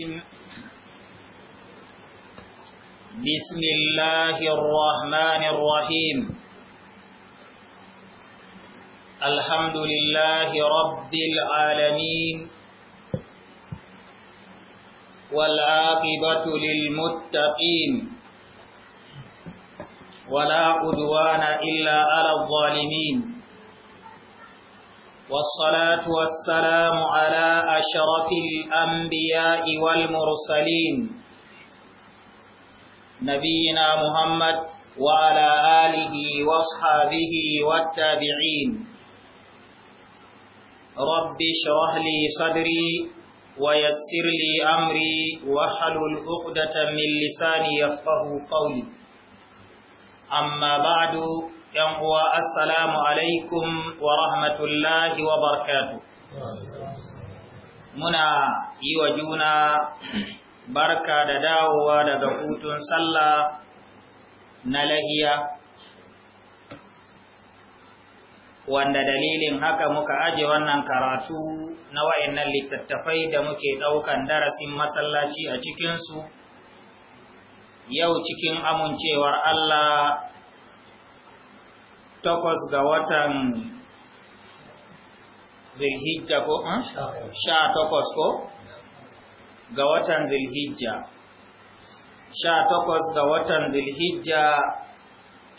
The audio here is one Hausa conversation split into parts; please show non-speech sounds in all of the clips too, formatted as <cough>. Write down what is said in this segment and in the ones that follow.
بسم الله الرحمن الرحيم الحمد لله رب العالمين والعاقبة للمتقين ولا عدوان إلا على الظالمين والصلاة والسلام على أشرف الأنبياء والمرسلين نبينا محمد وعلى آله واصحابه والتابعين رب اشرح لي صدري ويسر لي أمري وحلل عقدة من لساني يفقه قولي أما بعد ‘yan uwa assalamu alaikum wa rahmatullahi wa barkatu. Muna yi wa juna barka da dawowa daga hutun sallah na lahiya, wanda dalilin haka muka aje wannan karatu na wa'yannan littattafai da muke ɗaukan darasin masallaci a cikinsu, yau cikin amincewar Allah takwas ga watan zilhijja ko? sha takwas ko? ga watan zilhijja sha takwas ga watan zilhijja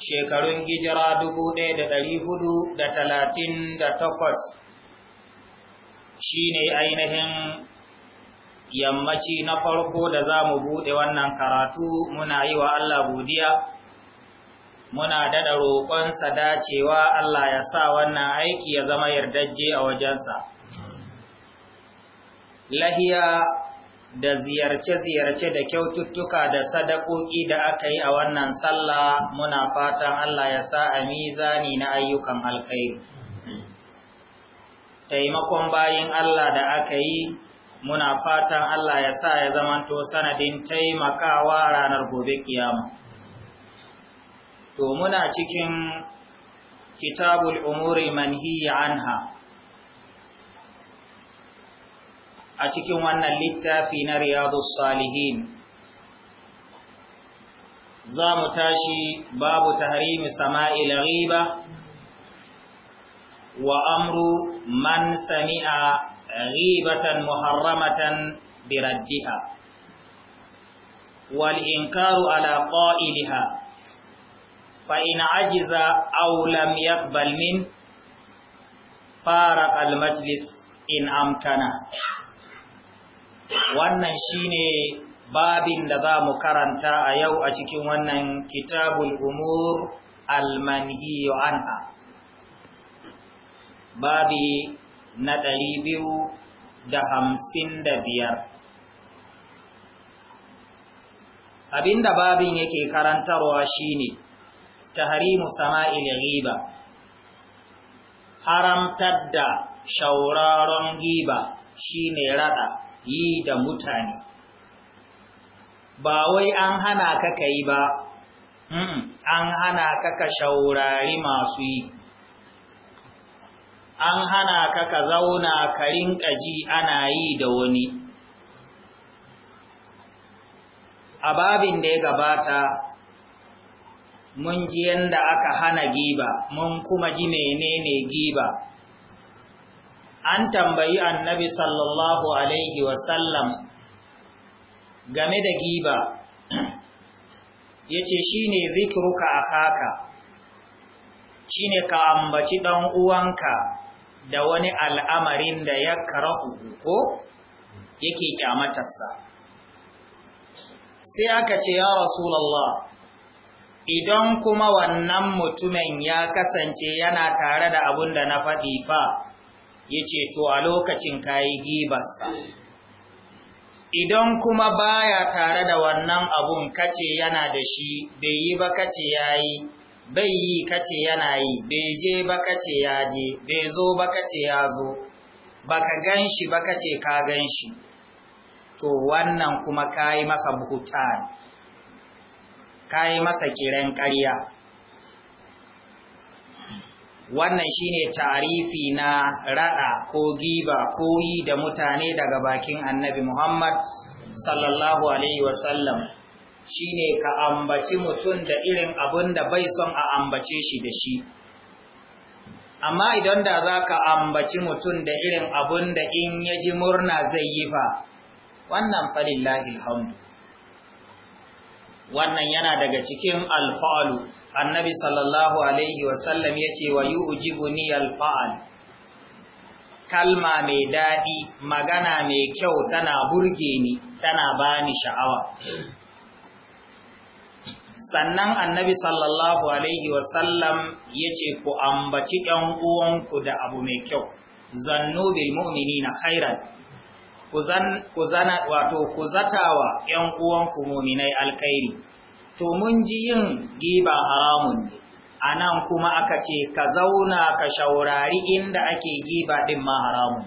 shekarun hijira dubu ɗaya da ɗari hudu da talatin da takwas shi ne ainihin yammaci na farko da za mu buɗe wannan karatu muna yi wa Allah godiya muna daɗa roƙonsa dacewa Allah ya sa wannan aiki ya zama yardajje a wajensa. Lahiya da ziyarce-ziyarce da kyaututtuka da sadakoki da aka yi a wannan sallah muna fatan Allah ya sa a mizani na ayyukan alkhairi. Taimakon bayin Allah da aka yi muna fatan Allah ya sa ya zamanto sanadin taimakawa ranar gobe kiyama. to muna cikin kitabul umuri manhiya anha a cikin wannan littafi na riyadus salihin za mu tashi babu tahrimi sama'il ghiba wa amru man sami'a ghibatan muharramatan biraddiha wal inkaru ala qa'iliha فإن عجز أو لم يقبل من فارق المجلس إن أمكن wannan shine babin da za mu karanta a yau a cikin wannan kitabul umur almanhiyu anha babi na ɗari biyu da hamsin da biyar abinda babin yake karantarwa shine tahrimu sama'il riba. haramtar da shauraron riba shine raɗa, yi da mutane ba wai an hana ka kai ba an hana ka ka shaurari masu yi an hana ka ka zauna ka rinka ji ana yi da wani a babin da ya gabata mun ji yanda aka hana giba mun kuma ji menene giba an tambayi annabi sallallahu alaihi wasallam game da giba yace shine zikruka akaka shine ka ambaci dan uwanka da wani al'amarin da ya ko yake kyamatarsa sai aka ce ya rasulallah idan kuma wannan mutumin ya kasance yana tare da abun da na faɗi fa ya to a lokacin kayi gibarsa idan kuma baya tare da wannan abun kace yana da shi bai yi ba kace yayi bai yi kace yana yi bai je ba kace ya je bai zo ba kace ya zo baka gan shi ba kace ka gan shi to wannan kuma kayi masa buhutani ka yi masa kiran ƙarya wannan shine tarifi na raɗa ko giba ko yi da mutane daga bakin annabi Muhammad sallallahu alaihi wasallam shine ka ambaci mutum da irin abun da bai son a ambace shi da shi amma idan da za ka ambaci mutum da irin abun da in ya ji murna zai yi fa wannan lillahi alhamdu wannan yana daga cikin alfa'alu annabi sallallahu alaihi wasallam ya ce wa ujibu ni alfa'al kalma mai daɗi magana mai kyau tana burge ni tana bani sha'awa sannan annabi sallallahu alaihi wasallam ya ce ku ambaci ‘yan uwanku da abu mai kyau zannu bil na hairar’ ku wa ‘yan uwanku muminai alkairi, to mun ji yin giba haramun ne, a nan kuma aka ce ka zauna ka shaurari inda ake giba ɗin ma haramun.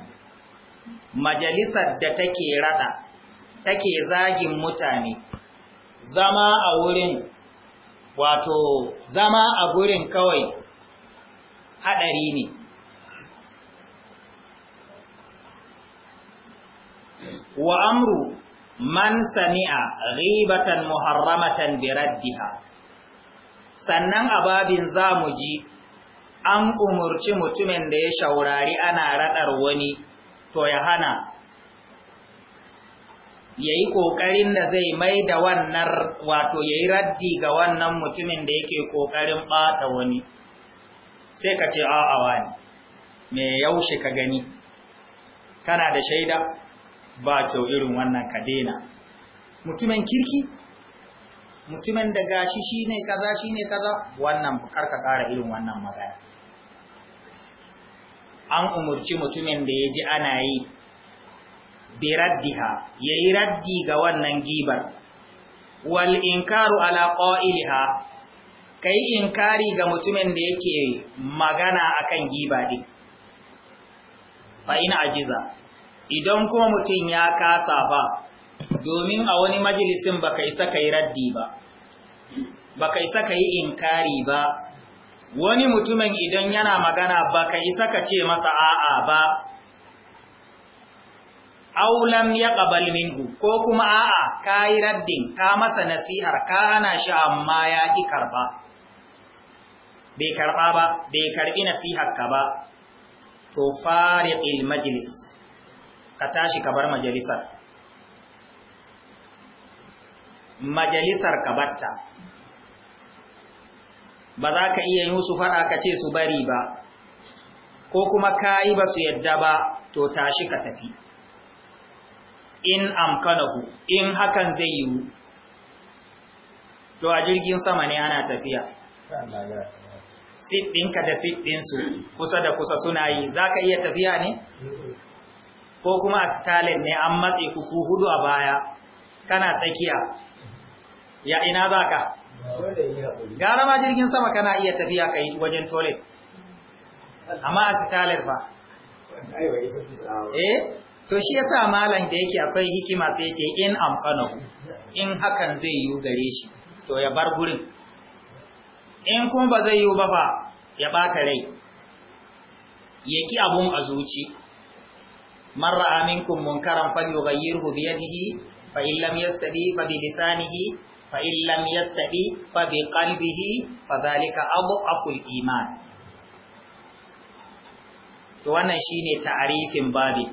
Majalisar da take rada, take zagin mutane, zama a wurin, wato, zama a gurin kawai haɗari ne. wa amru man sami'a ghibatan muharramatan biraddiha sannan ababin zamu ji an umurci mutumin da ya shaurari ana radar wani to ya hana yayi kokarin da zai mai da wannan wato yayi raddi ga wannan mutumin da yake kokarin bata wani sai ka ce a'a wani me yaushe ka gani kana da shaida ba kyau irin wannan ka mutumin kirki mutumin da gashi shi ne kaza shi ne kaza wannan ka kara irin wannan magana an umarci mutumin da ya ji ana yi biraddiha ya yi raddi ga wannan gibar wal inkaru ala ƙa'iliha ka yi inkari ga mutumin da yake magana akan giba ɗin fa'ina ajiza idan kuma mutum ya kasa ba domin a wani majalisin baka isa yi raddi ba baka isa yi inkari ba wani mutumin idan yana magana baka isa ka ce masa a'a ba aulam ya ƙabal minhu ko kuma a'a ka yi raddin ka masa nasihar ka ana shi amma ya ƙi karɓa bai karɓa ba bai karɓi nasihar ka ba to fariƙil majlis ka tashi ka bar majalisar majalisar ka batta ba za ka iya yi su faɗa ka ce su bari ba ko kuma ka yi ba su yadda ba to tashi ka tafi in amkanahu in hakan zai yiwu to a jirgin sama ne ana tafiya siɗinka da siɗinsu kusa da kusa suna yi za ka iya tafiya ne? ko kuma a stalin ne an matse kuku hudu a baya kana tsakiya ya ina za ka gara ma jirgin sama kana iya tafiya ka yi wajen toilet amma a stalin ba eh to shi yasa malam da yake akwai hikima sai yake in amkano in hakan zai yi gare shi to ya bar gurin in kuma ba zai yi ba fa ya bata rai ya ki abun a zuci man ra'a minkum munkaran falyughayyirhu bi yadihi fa in lam yastadi fa bi lisanihi fa in lam yastadi fa bi qalbihi fa dhalika adhafu iman to wannan shine ta'arifin babin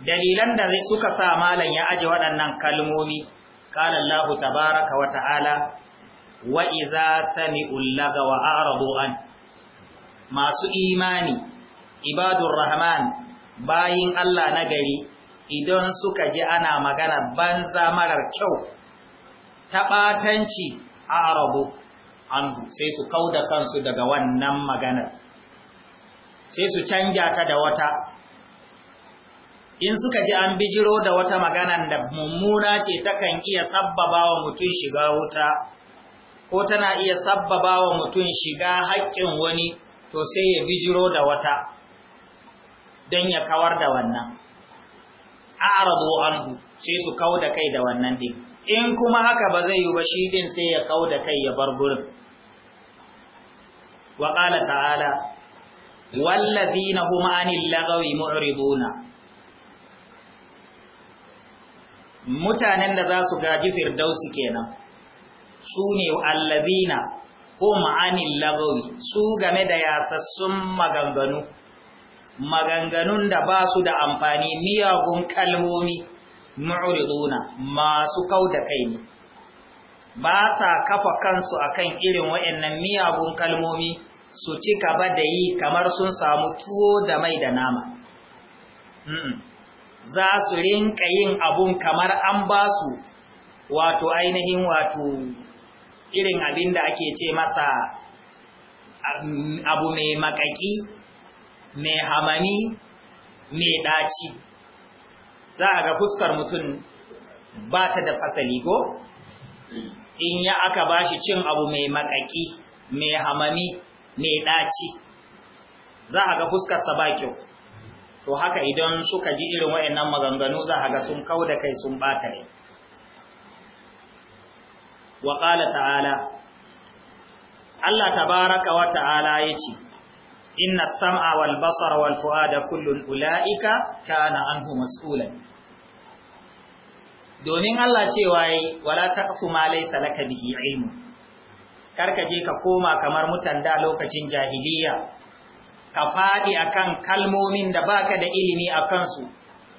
dalilan da suka sa malam ya aje waɗannan kalmomi qala Allah tabaaraka wa ta'ala wa idza sami'ul lagawa a'radu an masu imani ibadur rahman bayin Allah na gari idan suka ji ana magana banza marar kyau ta ɓatanci a arabu andu sai su kauda kansu daga wannan maganar sai su canja ta da wata in suka ji an bijiro da wata magana da mummuna ce takan iya sabbaba wa mutum shiga wuta ko tana iya sabbaba wa mutum shiga haƙƙin wani to sai ya bijiro da wata don ya kawar da wannan a'radu anhu sai su kau da kai da wannan din in kuma haka ba zai yi ba shi din sai ya kau da kai ya bar gurin wa qala ta'ala na kuma anil lagawi mu'riduna mutanen da za su gaji firdausi kenan su ne allazina kuma anil lagawi su game da yasassun maganganu maganganun da ba su da amfani miyagun kalmomi mu'riduna masu kau da kai ne ba sa kafa kansu akan irin waɗannan miyagun kalmomi su ci gaba da yi kamar sun samu tuwo da mai da nama za su rinka yin abun kamar an ba su wato ainihin wato irin abin da ake ce masa mm, abu mai makaki mai hamami mai ɗaci za a ga fuskar mutum ba ta da fasali ko in ya aka ba shi cin abu mai makaki mai hamami mai ɗaci za a ga fuskarsa ba kyau to haka idan suka ji irin wa'annan maganganu za a ga sun kau da kai sun bata ne. wa ta'ala Allah tabaraka wa ta'ala ya ce inna sam'a wal basara wal fu'ada kullun ula'ika kana anhu mas'ulan domin Allah cewa waye, wala taqfu ma laysa laka bihi ilmu karka je ka koma kamar mutanda lokacin jahiliya ka fadi akan kalmomin da baka da ilimi akan su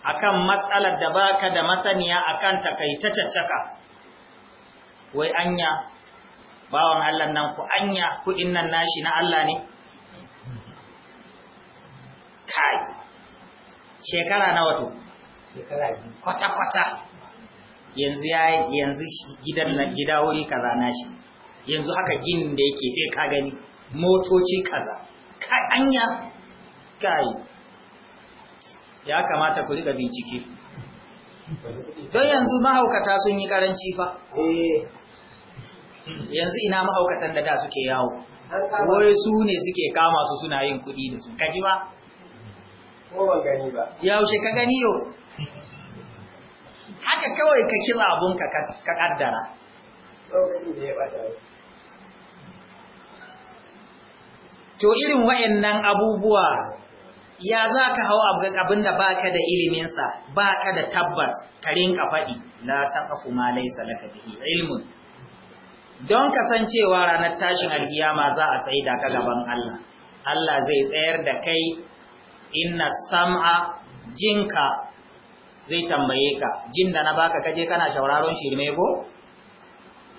akan matsalar da baka da masaniya akan takaitaccaka wai anya bawan Allah nan ku anya kudin nan nashi na Allah ne kai shekara nawa to shekara kwata kwata yanzu ya yi yanzu gidan na gida wuri kaza na shi yanzu haka ginin da yake sai eh, ka gani motoci kaza kai anya kai ya kamata ku riga bincike don yanzu mahaukata sun yi karanci fa eh. yanzu ina mahaukatan da da suke yawo wai su ne suke kama su suna yin kuɗi da su kaji ba Yaushe ka gani yo? Haka kawai ka kira abun ka kaddara. To irin wa'annan abubuwa ya za ka hau abin da ba ka da iliminsa ba ka da tabbas ka rinka faɗi la ta ma laisa laka bihi ilmun don kasancewa ranar tashin alkiyama za a tsaye da ka gaban Allah Allah zai tsayar da kai inna sam'a jinka zai tambaye ka jin da na baka kaje kana shauraron shirme ko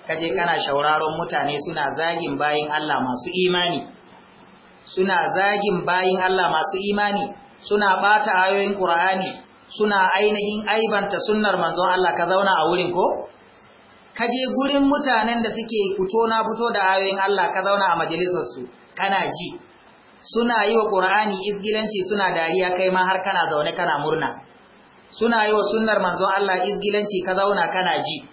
kaje kana shauraron mutane suna zagin bayin Allah masu imani suna zagin bayin Allah masu imani suna bata ayoyin Qur'ani suna ainihin aibanta sunnar manzon Allah ka zauna a wurin ko kaje gurin mutanen da suke fito na fito da ayoyin Allah ka zauna a majalisar su kana ji suna yi wa ƙur'ani izgilanci suna dariya kai ma har kana zaune kana murna suna yi wa sunnar manzon Allah izgilanci ka zauna kana ji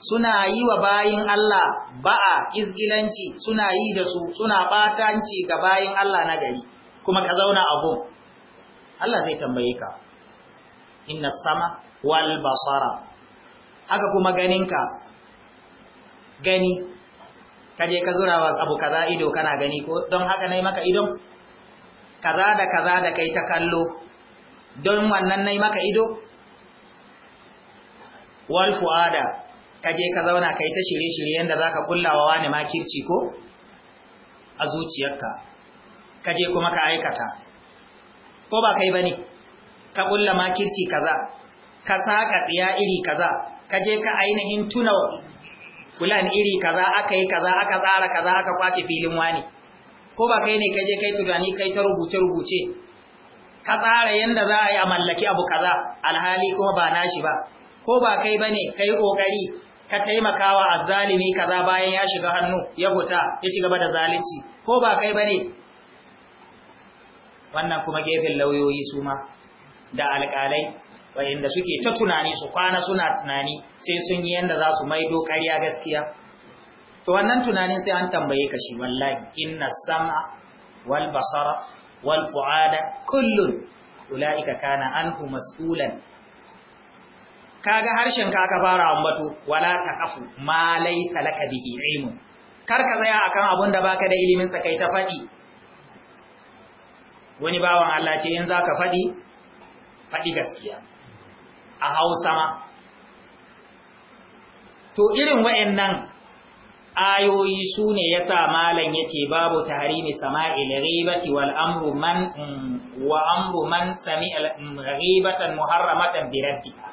suna yi wa bayin Allah ba'a izgilanci suna yi da su suna batanci ga bayin Allah na gari kuma ka zauna a gun Allah zai tambaye ka inna sama wal basara haka kuma ganinka gani Kaje ka zura wa abu kaza ido kana gani ko don haka nai maka idon kaza da kaza da kai ta kallo don wannan nai maka ido wal fuada ka je ka zauna kai ta shirye-shirye yanda zaka kullawa wani makirci ko a zuciyarka ka je kuma ka aikata ko ba kai bane ka kulla makirci kaza ka saka tsiya iri kaza ka je ka ainihin tuna fulan iri kaza aka yi kaza aka tsara kaza aka kwace filin wani ko ba kai ne ka je kai tunani kai ta rubuce rubuce ka tsara yanda za a yi a mallaki abu kaza alhali kuma ba nashi ba ko ba kai bane kai kokari ka taimakawa azzalimi kaza bayan ya shiga hannu ya huta, ya ci gaba da zalunci ko ba kai bane wannan kuma gefen lauyoyi su ma da alƙalai wayanda suke ta tunani su kwana suna tunani sai sun yi yanda za su maido ƙarya gaskiya to wannan tunanin sai an tambaye ka shi wallahi inna sam'a wal basara wal fu'ada kullun ulaika kana anhu mas'ulan kaga harshen ka aka fara ambato wala taqafu ma laysa laka bihi ilmu kar ka tsaya akan abun da baka da ilimin sa kai ta fadi wani bawan Allah ce in zaka fadi faɗi gaskiya a hausa ma to irin wa'annan ayoyi su ne ya sa malam ya ce babu taharimi sama'il ribati wal amru man mm, wa man sami'a ribatan mm, muharramatan bi raddiha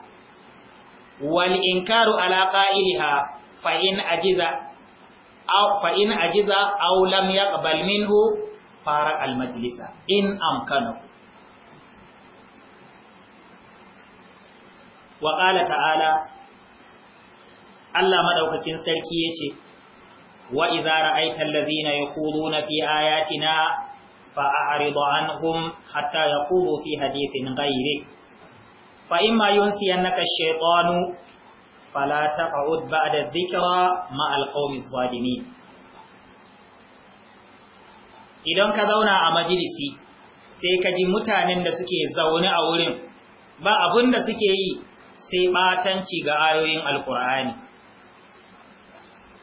wal inkaru ala qa'iliha fa in ajiza aw fa in ajiza aw lam fara al in amkanahu wa ƙala ta'ala Allah maɗaukakin sarki ya ce wa izara aikan lazina ya kudu na fi ayatina fa'a'arido an hum hatta ya kudu fi hadithin gaire fa'in ma yun siyan naka shekwanu fala ta ba da zikira ma'alƙaumin zuwadini idan ka zauna a majalisi sai ka ji mutanen da suke zaune a wurin ba abin da suke yi sai batanci ga ayoyin alkur'ani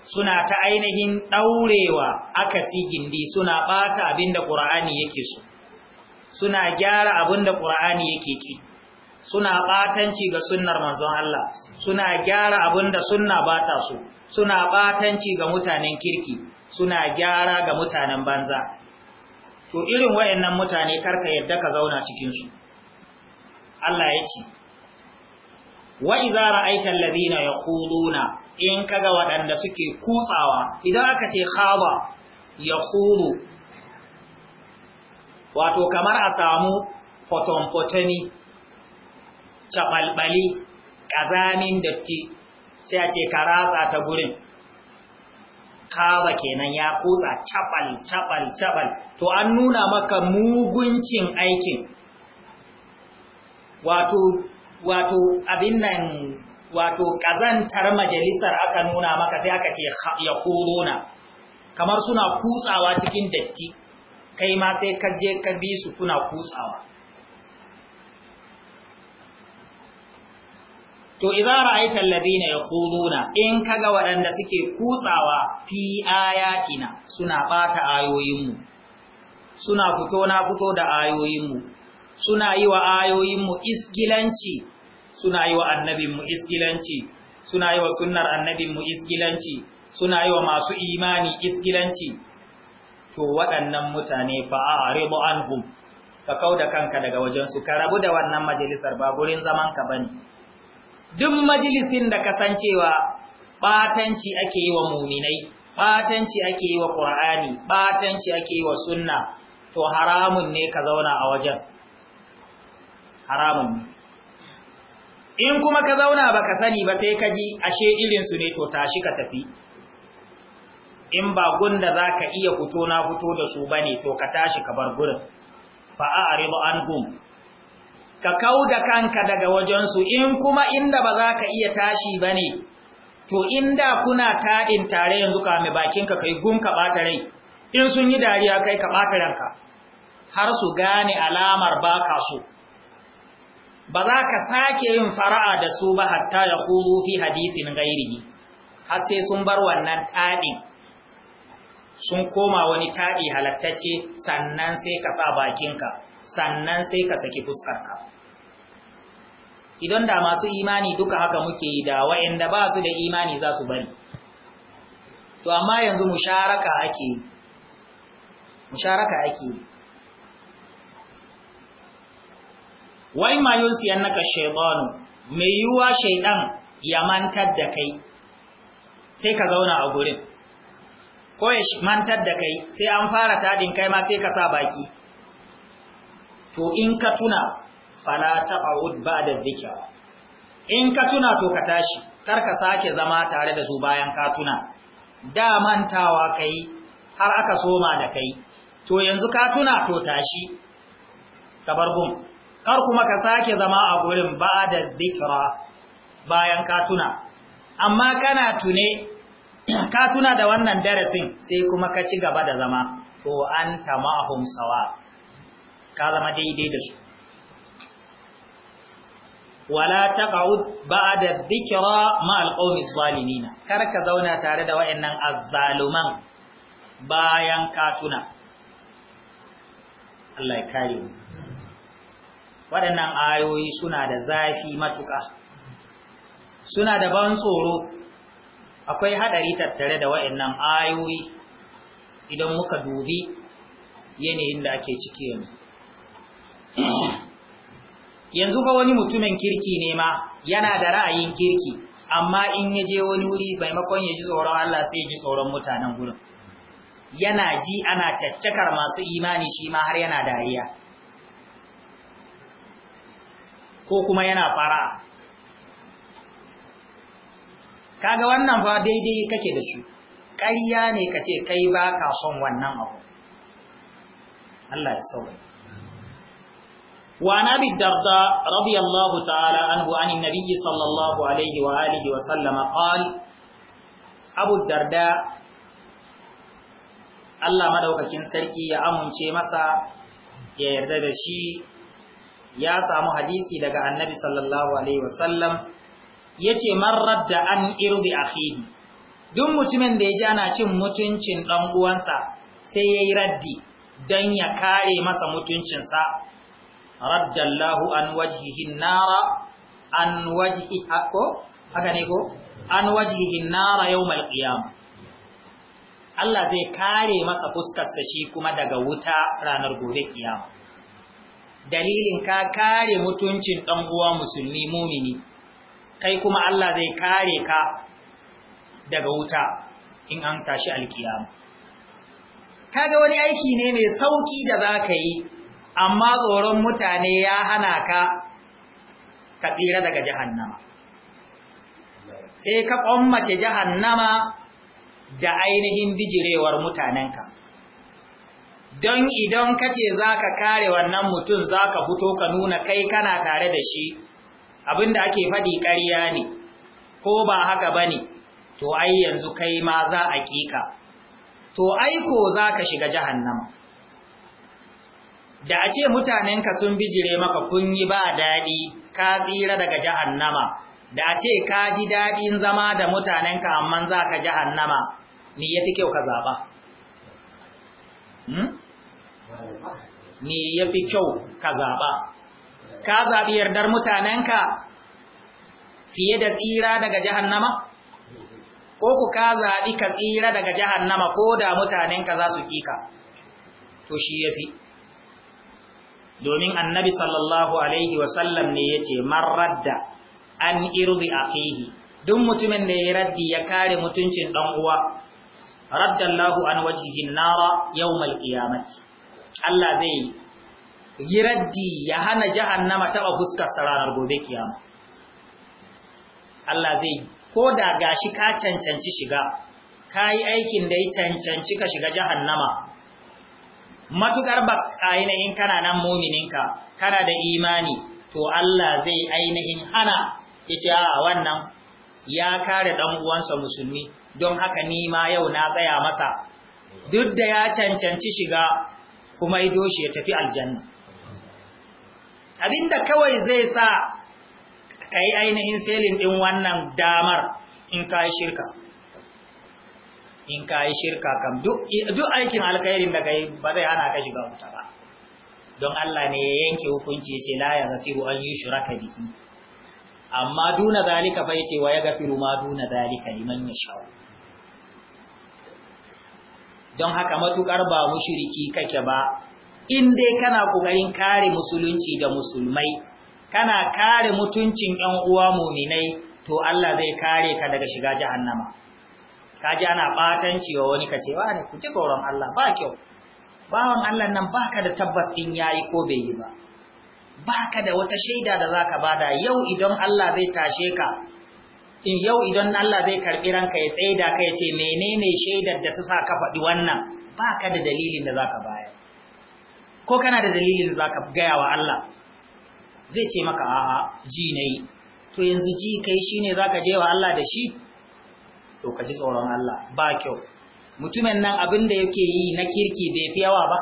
suna ta ainihin ɗaurewa akasi gindi suna ɓata abin da ƙura'ani yake so suna gyara abin da yake ki suna ɓatanci ga sunnar manzon Allah suna gyara abin da sunna bata su suna ɓatanci ga mutanen kirki suna gyara ga mutanen banza to irin wayannan mutane karka yadda ka zauna cikinsu Allah ya ce wa idza ra'aita alladhina yaquluna in kaga waɗanda suke kutsawa idan aka ce khaba yaqulu wato kamar a samu fotomfotami cabalbali kazamin datti sai a ce karatsa ta gurin kaba kenan ya kutsa cabal cabal cabal to an nuna maka muguncin aikin wato wato abin nan wato ƙazantar majalisar aka nuna maka sai aka ce ya korona kamar suna kutsawa cikin datti kai ma sai ka je ka bi su kuna kutsawa to idza ra'aita alladhina yaquluna in kaga waɗanda suke kutsawa fi ayatina suna bata ayoyinmu suna fito na fito da ayoyinmu suna yi wa ayoyinmu isgilanci suna yi wa annabinmu isgilanci suna yi wa sunnar annabinmu isgilanci suna yi wa masu imani isgilanci to waɗannan mutane fa'aridu anhum ka da kanka daga wajensu ka rabu da wannan majalisar ba gurin zaman ka bane duk majalisin da kasancewa batanci ake yi wa muminai ɓatanci ake yi wa qur'ani batanci ake yi wa sunna to haramun ne ka zauna a wajen haramun ne in kuma ka zauna ba ka sani ba sai ka ji ashe irinsu ne to tashi ka tafi in ba gunda za ka iya fito na fito da su ba ne to ka tashi ka bar gurin fa'a'aribu an hum ka kau da kanka daga wajensu in kuma inda ba za ka iya tashi ba ne to inda kuna taɗin tare yanzu ka mai bakinka kai gun ka ɓata rai in sun yi dariya kai ka ɓata ranka har su gane alamar baka so ba za ka sake yin fara'a da su ba hatta ya hudu fi hadisin gairi har sai sun bar wannan taɗin sun koma wani taɗi halattacce sannan sai ka sa bakinka sannan sai ka saki fuskarka idan da masu imani duka haka muke yi da wa'anda ba su da imani za su bari to amma yanzu musharaka ake musharaka ake wai ma ma naka shaytanu mai yiwuwa shaidan ya mantar da kai sai ka zauna a gurin ko ya mantar da kai sai an fara taɗin kai ma sai ka sa baki to in ka tuna fala ba ba'da dhikra in ka tuna to ka tashi kar ka sake zama tare da su bayan ka tuna da mantawa kai har aka soma da kai to yanzu ka tuna to tashi gun. kar kuma ka sake zama a gurin ba da zikira bayan ka amma kana tune <clears throat> ka da wannan darasin sai kuma ka ci gaba da zama to an tamahum sawa ka zama daidai da su wala taq'ud ba'da dhikra ma'al qawmi zalimin kar ka zauna tare da wayannan azzaluman bayan ka Allah ya kare mu waɗannan ayoyi suna da zafi matuƙa suna da ban tsoro akwai haɗari tattare da waɗannan ayoyi idan muka dubi yanayin da ake ciki yanzu <clears throat> yanzu ba wani mutumin kirki ne ma yana da ra'ayin kirki amma in ya je wani wuri maimakon ya ji tsoron Allah sai ya ji tsoron mutanen gurin yana ji ana caccakar masu imani shi ma har yana dariya ko kuma yana fara kaga wannan fa daidai kake da su ƙarya ne ka ce kai ba ka son wannan abu Allah ya saurin وعن أبي الدرداء رضي الله تعالى عنه عن النبي صلى الله عليه وآله وسلم قال أبو الدرداء Allah madaukakin sarki ya amince masa ya yarda da shi ya samu hadisi daga annabi sallallahu alaihi wasallam yace man radda an irdi akhihi duk mutumin da ya ji ana cin mutuncin dan uwansa sai yayi raddi dan ya kare masa mutuncinsa Raddallahu Allahu an wajhihi nara an wajhi hako haka ne ko an wajhihi nara yawmal qiyamah Allah zai kare masa fuskarsa shi kuma daga wuta ranar gobe kiyama dalilin ka kare mutuncin ɗan uwa musulmi mumini kai kuma Allah zai kare ka daga wuta in an tashi alkiyama kaga wani aiki ne mai sauƙi da za ka yi amma tsoron mutane ya hana ka ka tsira daga jahannama sai ka ƙwammace jahannama da ainihin bijirewar mutanenka don idan ka ce za ka kare wannan mutum za ka fito ka nuna kai kana tare da shi abinda ake faɗi ƙarya ne ko ba haka ba ne to ai yanzu kai ma za a ƙiƙa to aiko za ka shiga jahannama da a ce mutanenka sun bijire maka kun yi ba daɗi ka tsira daga jahannama da a ce ka ji daɗin zama da mutanenka amma za ka jahannama me ya fi kyau ka zaɓa? Hmm? me yafi kyau ka zaɓa ka zaɓi yardar mutanenka fiye da tsira daga jahannama ko ku ka zaɓi ka tsira daga jahannama ko da mutanenka za su kika to shi yafi domin annabi sallallahu alaihi wasallam ne ya ce maradda an irzi akhihi duk mutumin da ya raddi ya kare mutuncin dan uwa raddallahu an wajhihi nara yawmal qiyamati Allah zai yi raddi ya hana jahannama taba fuskar sararar gobe kiyama Allah zai ko da gashi ka cancanci shiga ka yi aikin da ya cancanci ka shiga jahannama matukar ba ainihin kana nan mumininka kana da imani to Allah zai ainihin hana ya ce a wannan ya kare ɗan uwansa musulmi don haka ni ma yau na tsaya masa duk da ya cancanci shiga kuma ido shi ya tafi aljanna abinda kawai zai sa ka yi ainihin selin ɗin wannan damar in ka yi shirka in ka yi shirka kam duk aikin alkhairin da ka yi ba zai hana ka shiga wuta ba don Allah ne ya yanke hukunci ya ce la ya gafiru an yi bihi amma duna zalika fa yace wa ya gafiru ma duna zalika liman shawo. don haka matukar ba mushiriki kake ba in dai kana kokarin kare musulunci da musulmai kana kare mutuncin ƴan uwa mu'minai to Allah zai kare ka daga shiga jahannama kaji ana batanci wa wani kace wa ne ku ji tsoron Allah ba kyau bawan Allah nan baka da tabbas din yayi ko bai yi ba baka da wata shaida da zaka bada yau idan Allah zai tashe ka in yau idan Allah zai karɓi ranka ya tsaida ka ya ce menene shaidar da ta sa ka faɗi wannan ba ka da dalilin da za ka bayar ko kana da dalilin da za ka gaya wa Allah zai ce maka a'a ji na yi to yanzu ji kai shi ne za ka je wa Allah da shi to ka ji tsoron Allah ba kyau mutumin nan abin da yake yi na kirki bai fi yawa ba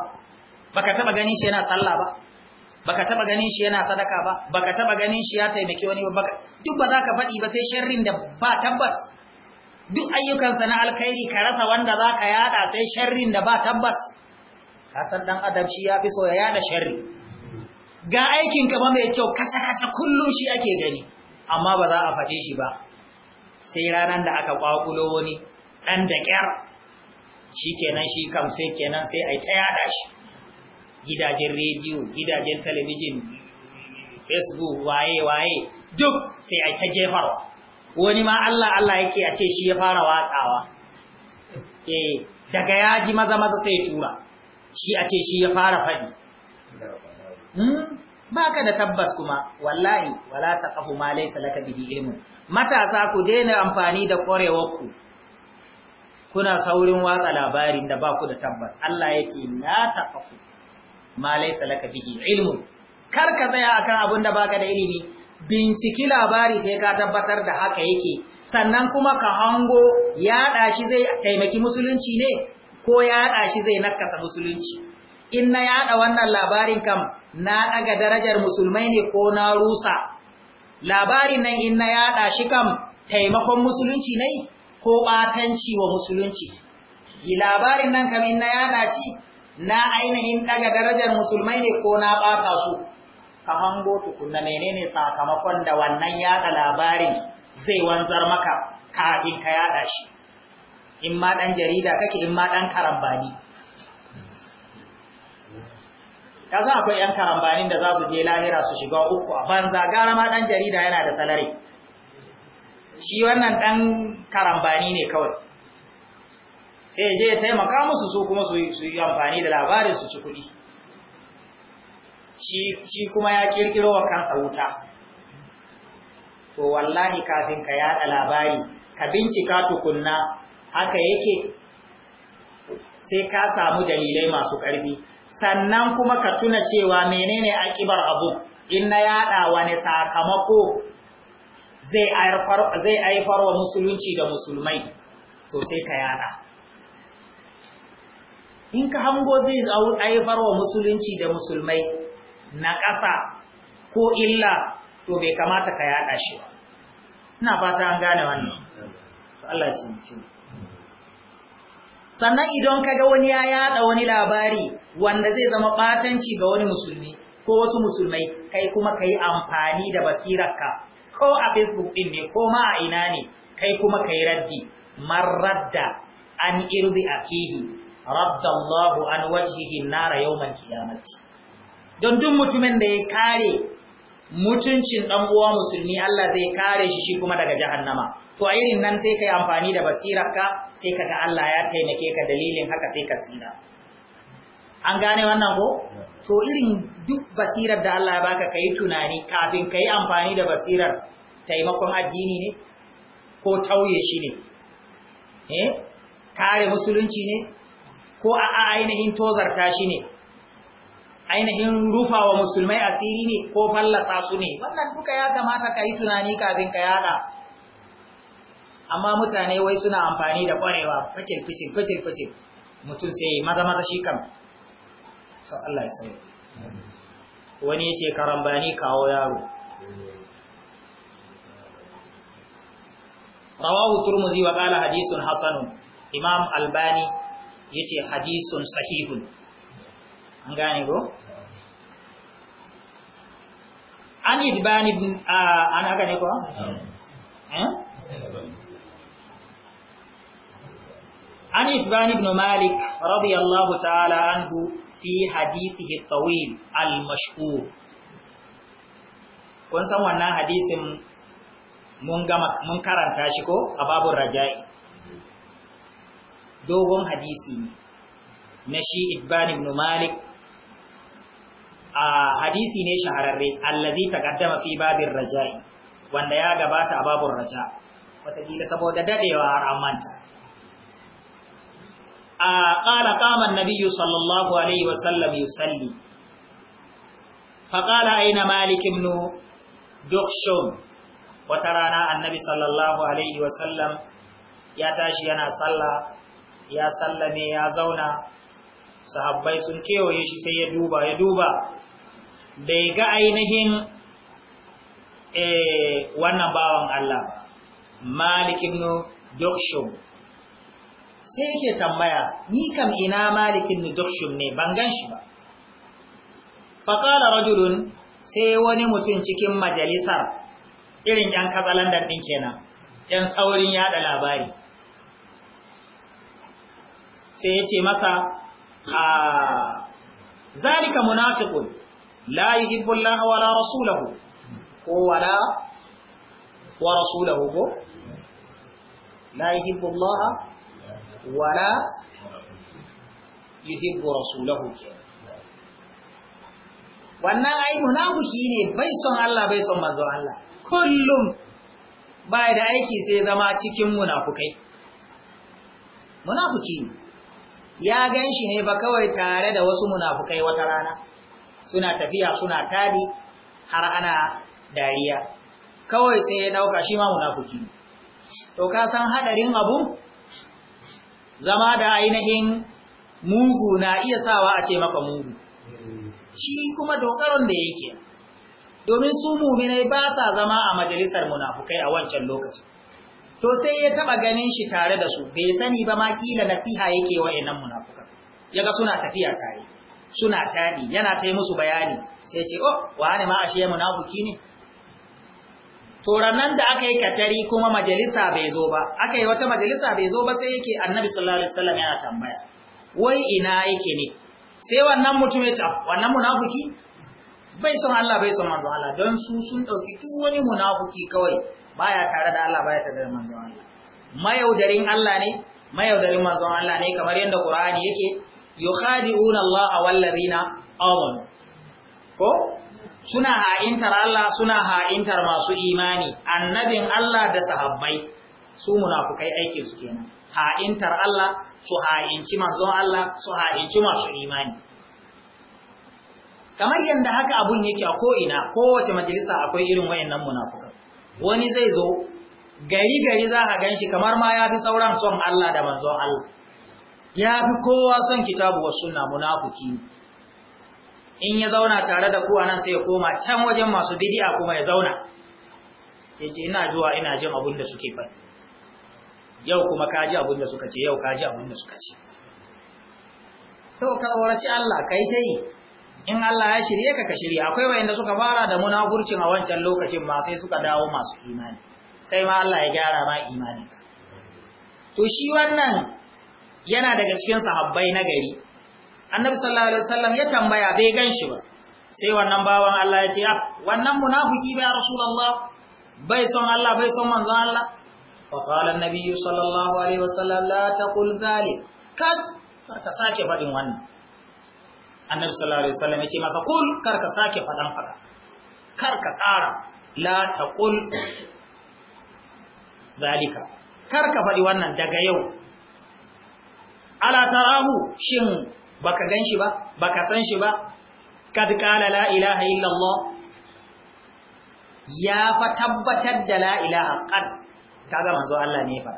Ba ka taɓa ganin shi yana sallah ba baka taba ganin shi yana sadaka ba baka taba ganin shi ya taimaki wani ba duk ba za ka faɗi ba sai sharrin da ba tabbas duk ayyukansa na alkhairi ka rasa wanda za ka yada sai sharrin da ba tabbas ka san dan adam shi ya fi so ya yada sharri ga aikin ka ba mai kyau kaca kaca kullum shi ake gani amma ba za a faɗe shi ba sai ranar da aka kwakulo wani ɗan da ƙyar shi kenan shi kam sai kenan sai a yi ta yada shi gidajen rediyo gidajen talabijin facebook waye waye duk sai a ta jefarwa wani ma Allah Allah yake a ce shi ya fara watsawa eh daga yaji maza maza sai tura shi a ce shi ya fara faɗi hmm baka da tabbas kuma wallahi wala taqafu ma laysa laka bihi ilmun matasa ku daina amfani da ƙwarewarku kuna saurin watsa labarin da ba ku da tabbas Allah yake la taqafu ma laisa laka bihi ilmun kar ka tsaya akan abun da baka da ilimi binciki labari sai ka tabbatar da haka yake sannan kuma ka hango yaɗa shi zai taimaki musulunci ne ko yaɗa shi zai nakasa musulunci in na yaɗa wannan labarin kam na ɗaga darajar musulmai ne ko na rusa labarin nan in na yaɗa shi kam taimakon musulunci ne ko ɓatanci wa musulunci labarin nan kam in na yaɗa shi na ainihin ɗaga darajar musulmai ne ko na ɓata su ka hango tukunna menene sakamakon da wannan yada labarin zai wanzar maka kafin ka yada shi in ma ɗan jarida kake in ma ɗan karambani ka za akwai ‘yan karambanin da za su je lahira su shiga uku a banza gara ma ɗan jarida yana da salari shi wannan ɗan karambani ne kawai sai je ya taimaka musu su kuma su yi amfani da labarin su ci kuɗi shi kuma ya kirkiro wa kansa wuta to wallahi kafin ka yada labari ka bincika tukunna haka yake sai ka samu dalilai masu ƙarfi sannan kuma ka tuna cewa menene akibar abu in na yada wani sakamako zai aifar wa musulunci da musulmai to sai ka yada in ka hango zai haifar wa musulunci da musulmai na ƙasa ko illa to bai kamata ka yaɗa shi ba ina fata an gane wannan Allah ce sannan idan ka ga wani ya yaɗa wani labari wanda zai zama ɓatanci ga wani musulmi ko wasu musulmai kai kuma ka amfani da basirarka ko a facebook ɗin ne ko ma a ina ne kai kuma ka raddi man radda an irzi akihi raddallahu an wajhihi nara yawmal qiyamati don duk mutumin da ya kare mutuncin dan uwa musulmi Allah zai kare shi shi kuma daga jahannama to a irin nan sai kai amfani da basirarka sai kaga Allah ya taimake ka dalilin haka sai ka tsira an gane wannan ko to irin duk basirar da Allah ya baka kai tunani kafin kai amfani da basirar taimakon addini ne ko tauye shi ne eh kare musulunci ne ko a ainihin tozarta shi ne ainihin rufa wa musulmai asiri ne ko fallasa su ne wannan duka ya kamata ka yi tunani kafin ka yada amma mutane wai suna amfani da kwarewa fakir fikir fikir fikir mutum sai maza maza shi kam to Allah ya sani wani yace karambani kawo yaro rawahu turmuzi wa kala hadithun Hassanun, imam albani yace hadisun sahihun an gane go an idban ibn an aka ne ko eh an idban ibn malik radiyallahu ta'ala an anhu fi hadithihi at-tawil al-mashhur kun san wannan hadisin mun karanta shi ko a babur raja'i dogon hadisi ne na shi ibban ibn malik a hadisi ne shahararre allazi taqaddama fi babir raja'i wanda ya gabata a babur raja wataƙila saboda dadewa har amanta. a qala qama an-nabiy sallallahu alaihi wa wasallam yusalli fa qala aina malik ibn dukhshum wata rana annabi sallallahu alaihi wa sallam ya tashi yana sallah ya sallame ya zauna sahabbai sun kewaye shi sai ya duba ya duba bai ga ainihin eh, wannan bawan Allah ba malik ibn dukshum sai yake tambaya ni kam ina malik ibn dukshum ne ban gan shi ba faqala rajulun sai wani mutum cikin majalisar irin yan katsalandan din kenan yan saurin yada labari sai ya ce masa a zalika munafiqun la yuhibbu Allah wa la rasulahu ko wala wa rasulahu ko la yuhibbu Allah wala yuhibbu rasulahu ke? wannan ai munafiki ne bai son Allah bai son manzon Allah kullum ba da aiki sai zama cikin munafukai munafiki ne ya gan shi ne ba kawai tare da wasu munafukai wata rana suna tafiya suna tadi har ana dariya kawai sai ya dauka shi ma munafuki ne to ka san hadarin abu zama da ainihin mugu na iya sawa a ce maka mugu shi kuma dokaron da yake domin su muminai ba sa zama a majalisar munafukai a wancan lokacin to sai ya taba ganin shi tare da su bai sani ba ma kila nasiha yake wa 'yanan munafuka yaga suna tafiya tare suna tani yana tai musu bayani sai ce oh wani ma ashe munafiki ne to ranan da aka yi katari kuma majalisa bai zo ba aka yi wata majalisa bai zo ba sai yake annabi sallallahu alaihi wasallam yana tambaya wai ina yake ne sai wannan mutum ya ce ah, wannan munafiki bai son Allah bai son manzo Allah don su sun dauki duk wani munafiki kawai baya tare da Allah baya tare da manzon Allah mayaudarin Allah ne mayaudarin manzon Allah ne kamar yadda Qur'ani yake yukhadi'una Allah wallazina amanu ko suna ha'intar Allah suna ha'intar masu imani annabin Allah da sahabbai su munafukai aiki su kenan ha'intar Allah su ha'inci manzon Allah su ha'inci masu imani kamar yadda haka abun yake a ko'ina kowace majalisa akwai irin wayannan munafukan wani zai zo gari gari za a gan shi kamar ma ya fi sauran son Allah da manzon Allah ya fi kowa son kitabu wa suna munafuki in ya zauna tare da kuwa nan sai ya koma can wajen masu bidiya kuma ya zauna sai ce ina zuwa ina jin abin da suke faɗi yau kuma ka abin da suka ce yau ka abin da suka ce to ka tsoraci Allah kai ta yi in Allah ya shirye ka ka shirye akwai wayanda suka fara da munafurcin a wancan lokacin ma sai suka dawo masu imani kai ma Allah ya gyara ma imani to shi wannan yana daga cikin sahabbai na gari annabi sallallahu alaihi wasallam ya tambaya bai ganshi ba sai wannan bawan Allah ya ce ah wannan munafiki bai rasulullah bai son Allah bai son manzon Allah fa qala annabi sallallahu alaihi wasallam la taqul zalik kad ka sake fadin wannan annabi sallallahu alaihi wasallam yace ce masa kul kar ka sake fadan faɗa, kar ka ƙara la taqul zalika kar ka faɗi wannan daga yau ala tarahu shin baka ganshi ba baka san shi ba kad qala la ilaha illallah ya fa tabbatar da la ilaha qad kaga manzo Allah ne fa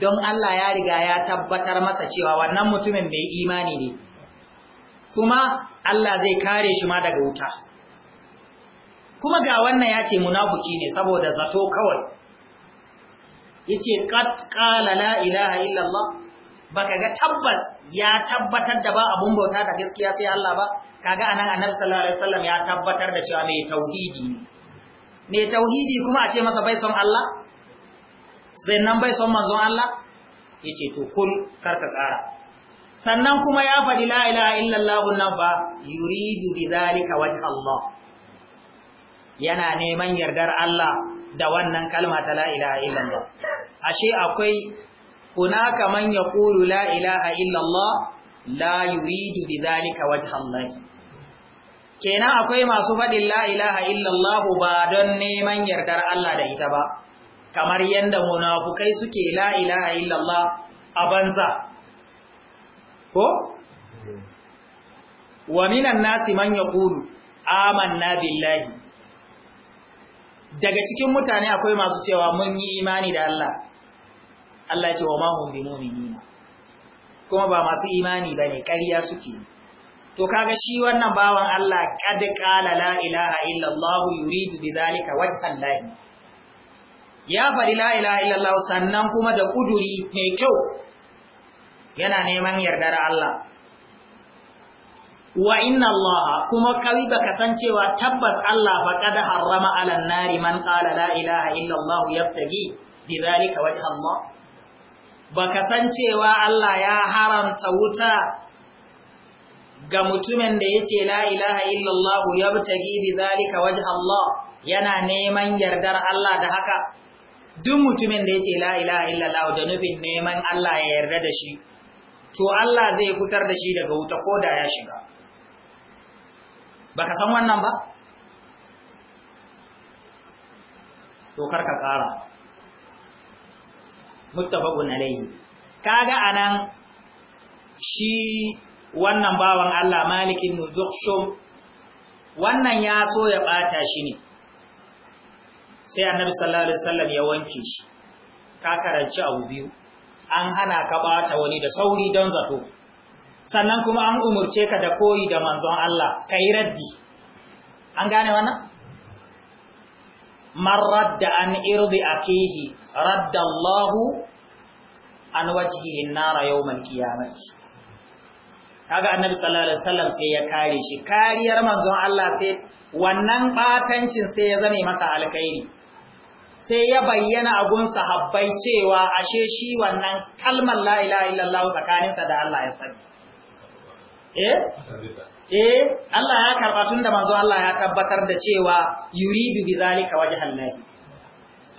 don Allah ya riga ya tabbatar masa cewa wannan mutumin mai imani ne kuma Allah zai kare shi ma daga wuta kuma ga wannan ya ce munafuki ne saboda zato kawai yace qad qala la ilaha illa Allah baka ga tabbas ya tabbatar da ba abun bauta da gaskiya sai Allah ba kaga anan annabi sallallahu alaihi wasallam ya tabbatar da cewa mai tauhidi ne mai tauhidi kuma a ce masa bai son Allah sai nan bai son manzon Allah yace to kun karka kara sannan kuma ya faɗi la ilaha illallah nan fa yuridu bidhalika wajh Allah yana neman yardar Allah da wannan kalma ta la illallah ashe akwai hunaka man yaqulu la ilaha illallah la yuri dubi zalika wajh Allah kenan akwai masu faɗin la ilaha illallah ba don neman yardar Allah da ita ba kamar yadda munafukai suke la ilaha illallah a banza ko wa minan nasi man yaqulu amanna billahi daga cikin mutane akwai masu cewa mun yi imani da Allah Allah ce wa ma hum bimuminina kuma ba masu imani ba ne, ƙarya suke to kaga shi wannan bawan Allah kad qala la ilaha illa Allah yuridu zalika wajhan lahi ya fari la ilaha sannan kuma da kuduri mai kyau yana neman yardar Allah wa inna Allah kuma kawi baka san cewa tabbas Allah fa kad harrama ala nari man qala la ilaha illa Allah yaftagi bi zalika wajha Allah baka san cewa Allah ya haramta wuta ga mutumin da yace la ilaha illa Allah yaftagi bi zalika wajha Allah yana neman yardar Allah da haka duk mutumin da yace la ilaha illa Allah da nufin neman Allah ya yarda da shi to Allah zai fitar da shi daga wuta ko da ya shiga baka san wannan ba to karka kara muttafaqun alayhi kaga anan shi wannan bawan Allah malikin nuzukhum wannan ya so ya bata shi ne sai annabi sallallahu alaihi wasallam ya wanke shi ka karanci abu biyu an hana ka bata wani da sauri don zato sannan kuma an umurce ka da koyi da manzon Allah ka yi raddi an gane wannan man radda an irdi akihi radda Allahu an wajhihi nara yawmal qiyamati kaga annabi sallallahu alaihi wasallam sai ya kare shi kariyar manzon Allah sai wannan batancin sai ya zame masa alkhairi sai ya bayyana a gun sahabbai cewa ashe shi wannan kalmar la ilaha illallah tsakaninsa da Allah ya sani eh eh Allah ya karba da manzo Allah ya tabbatar da cewa yuridu zalika wajhan lahi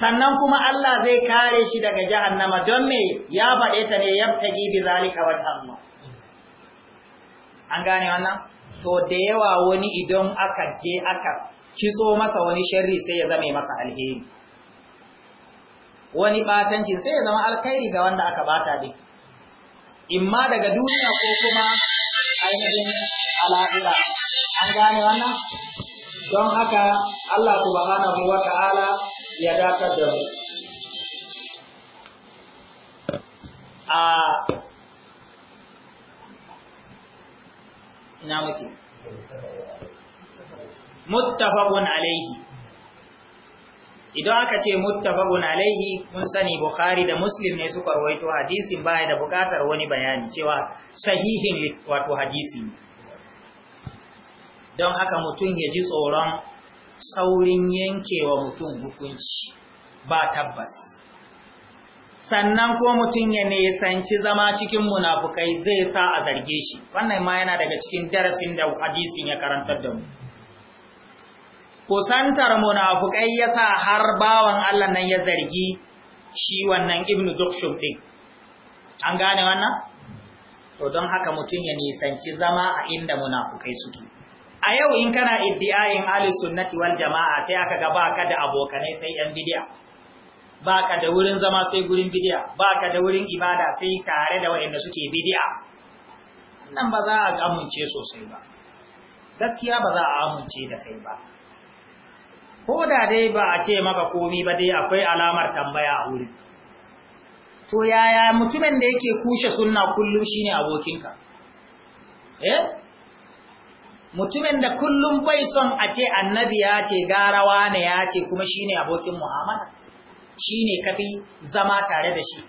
sannan kuma Allah zai kare shi daga jahannama don me ya baɗe ta ne yabtagi zalika wajhan hannu? an gane wannan to da yawa wani idan aka je aka kiso masa wani sharri sai ya zame masa alheri wani batancin sai ya zama alkhairi ga wanda aka bata din imma daga duniya ko kuma ainihin al'adura an gane wannan don haka Allah subhanahu wa ta'ala ya dakar da mu a ina muke muttafaqun alayhi idan aka ce muttafaqun alaihi mun sani bukhari da muslim ne suka rawaito hadisin baya da bukatar wani bayani cewa sahihin wato hadisi don haka mutum ya ji tsoron saurin yankewa mutum hukunci ba tabbas sannan ko mutum ya sanci zama cikin munafukai zai sa a zarge shi wannan ma yana daga cikin darasin da hadisin ya karantar da mu kusantar munafukai yasa har bawan Allah nan ya zargi shi wannan ibnu dukshum din an gane wannan to don haka mutum ya nisanci zama a inda munafukai suke a yau in kana iddiayin Ali sunnati wal jamaa sai aka ga baka da abokanai sai yan Ba ka da wurin zama sai gurin Ba ka da wurin ibada sai tare da waɗanda suke bidiya. nan ba za a amince sosai ba gaskiya ba za a amince da kai ba ko da dai ba a ce maka komi ba dai akwai alamar tambaya a wuri to yaya mutumin da yake kushe sunna kullum shine abokinka eh mutumin da kullum bai son a ce annabi ya ce garawa ne ya ce kuma shine abokin mu'amala shine kafi zama tare da shi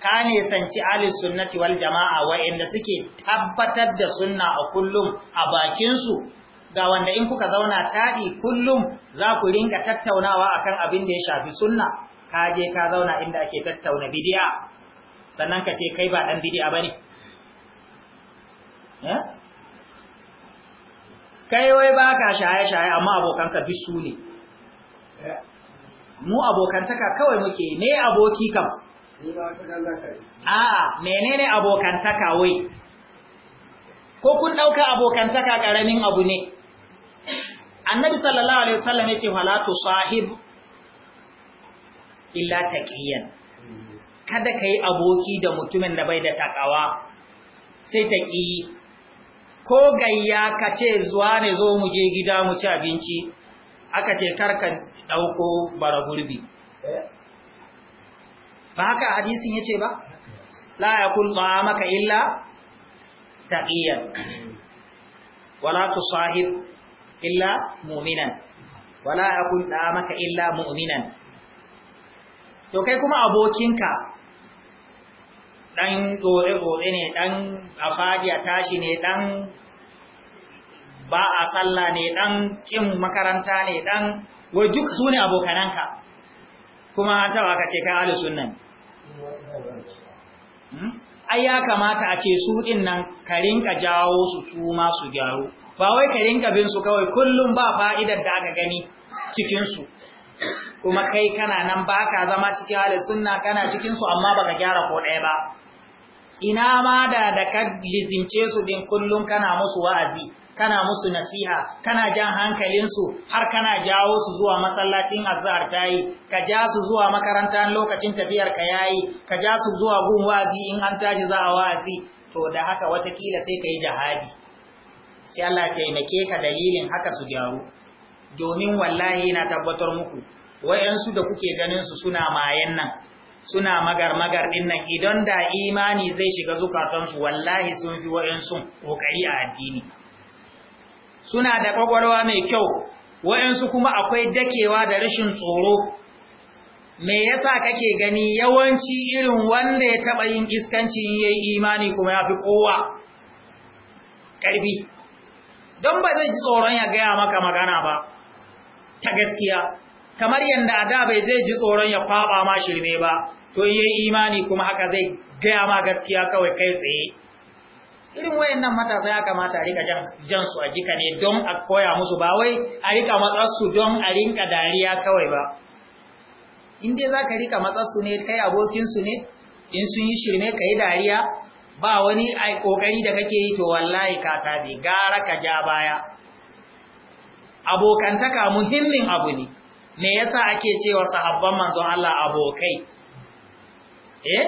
ka ne sanci ahli sunnati wal jamaa wa'anda suke tabbatar da sunna a kullum a bakin su ga wanda in kuka zauna taɗi kullum za ku ringa tattaunawa akan abin da ya shafi sunna ka je ka zauna inda ake tattauna bidiya sannan ka ce kai ba ɗan bidiya ba ne eh? kai wai ba ka shaye-shaye amma abokanka duk su ne mu abokantaka kawai muke ne aboki kam a'a menene abokantaka wai ko kun ɗauka abokantaka ƙaramin abu ne annabi sallallahu alaihi wasallam yace wala Sahib. illa taqiyan kada kai aboki da mutumin da bai da takawa sai taqi ko gayya kace zuwa ne zo mu je gida mu ci abinci aka ce karka dauko bara gurbi ba haka hadisin yace ba la yakul maka illa taqiyan wala tusahib illa mu'minan wala akun maka illa mu'minan to kai kuma abokinka dan tsore-tsore ne dan afadiya tashi ne dan ba a sallah ne dan kin makaranta ne dan wai duk su ne abokananka kuma an taba ka ce kai ahlus sunna hmm? ai ya kamata a ce su din nan ka rinka jawo su su ma su gyaru ba wai ka rinka bin kawai kullum ba fa'idar da aka gani cikin kuma kai kana nan ba ka zama cikin halin sunna kana cikinsu su amma baka gyara ko ɗaya ba ina ma da da ka lizince su din kullum kana musu wa'azi kana musu nasiha kana jan hankalinsu, har kana jawo su zuwa masallacin azhar tayi ka ja su zuwa makaranta lokacin tafiyar ka yayi ka ja su zuwa gun wa'azi in an tashi za a wa'azi to da haka watakila sai ka yi jahadi sai Allah taimake ka dalilin haka su gyaru domin wallahi na tabbatar muku wayansu da kuke ganin su suna mayan nan suna magar magar din nan idan da imani zai shiga zukatansu wallahi sun fi wayansu kokari a addini suna da kwakwalwa mai kyau wayansu kuma akwai dakewa da rashin tsoro me yasa kake gani yawanci irin wanda ya taba yin iskanci yayi imani kuma ya fi kowa Ƙarfi. don ba zai ji tsoron ya gaya maka magana ba ta gaskiya kamar yadda da bai zai ji tsoron ya kwaba ma shirme ba to yi imani kuma haka zai gaya ma gaskiya kawai kai tsaye irin wayannan matasa ya kamata a rika jan su a jika ne don a koya musu ba wai a rika matsarsu don a rinka dariya kawai ba in dai za ka rika matsarsu ne kai abokinsu ne in sun yi shirme ka yi dariya ba wani ai kokari da kake yi to wallahi ka tabi gara ka ja baya abokantaka muhimmin abu ne me yasa ake cewa sahabban manzon Allah abokai eh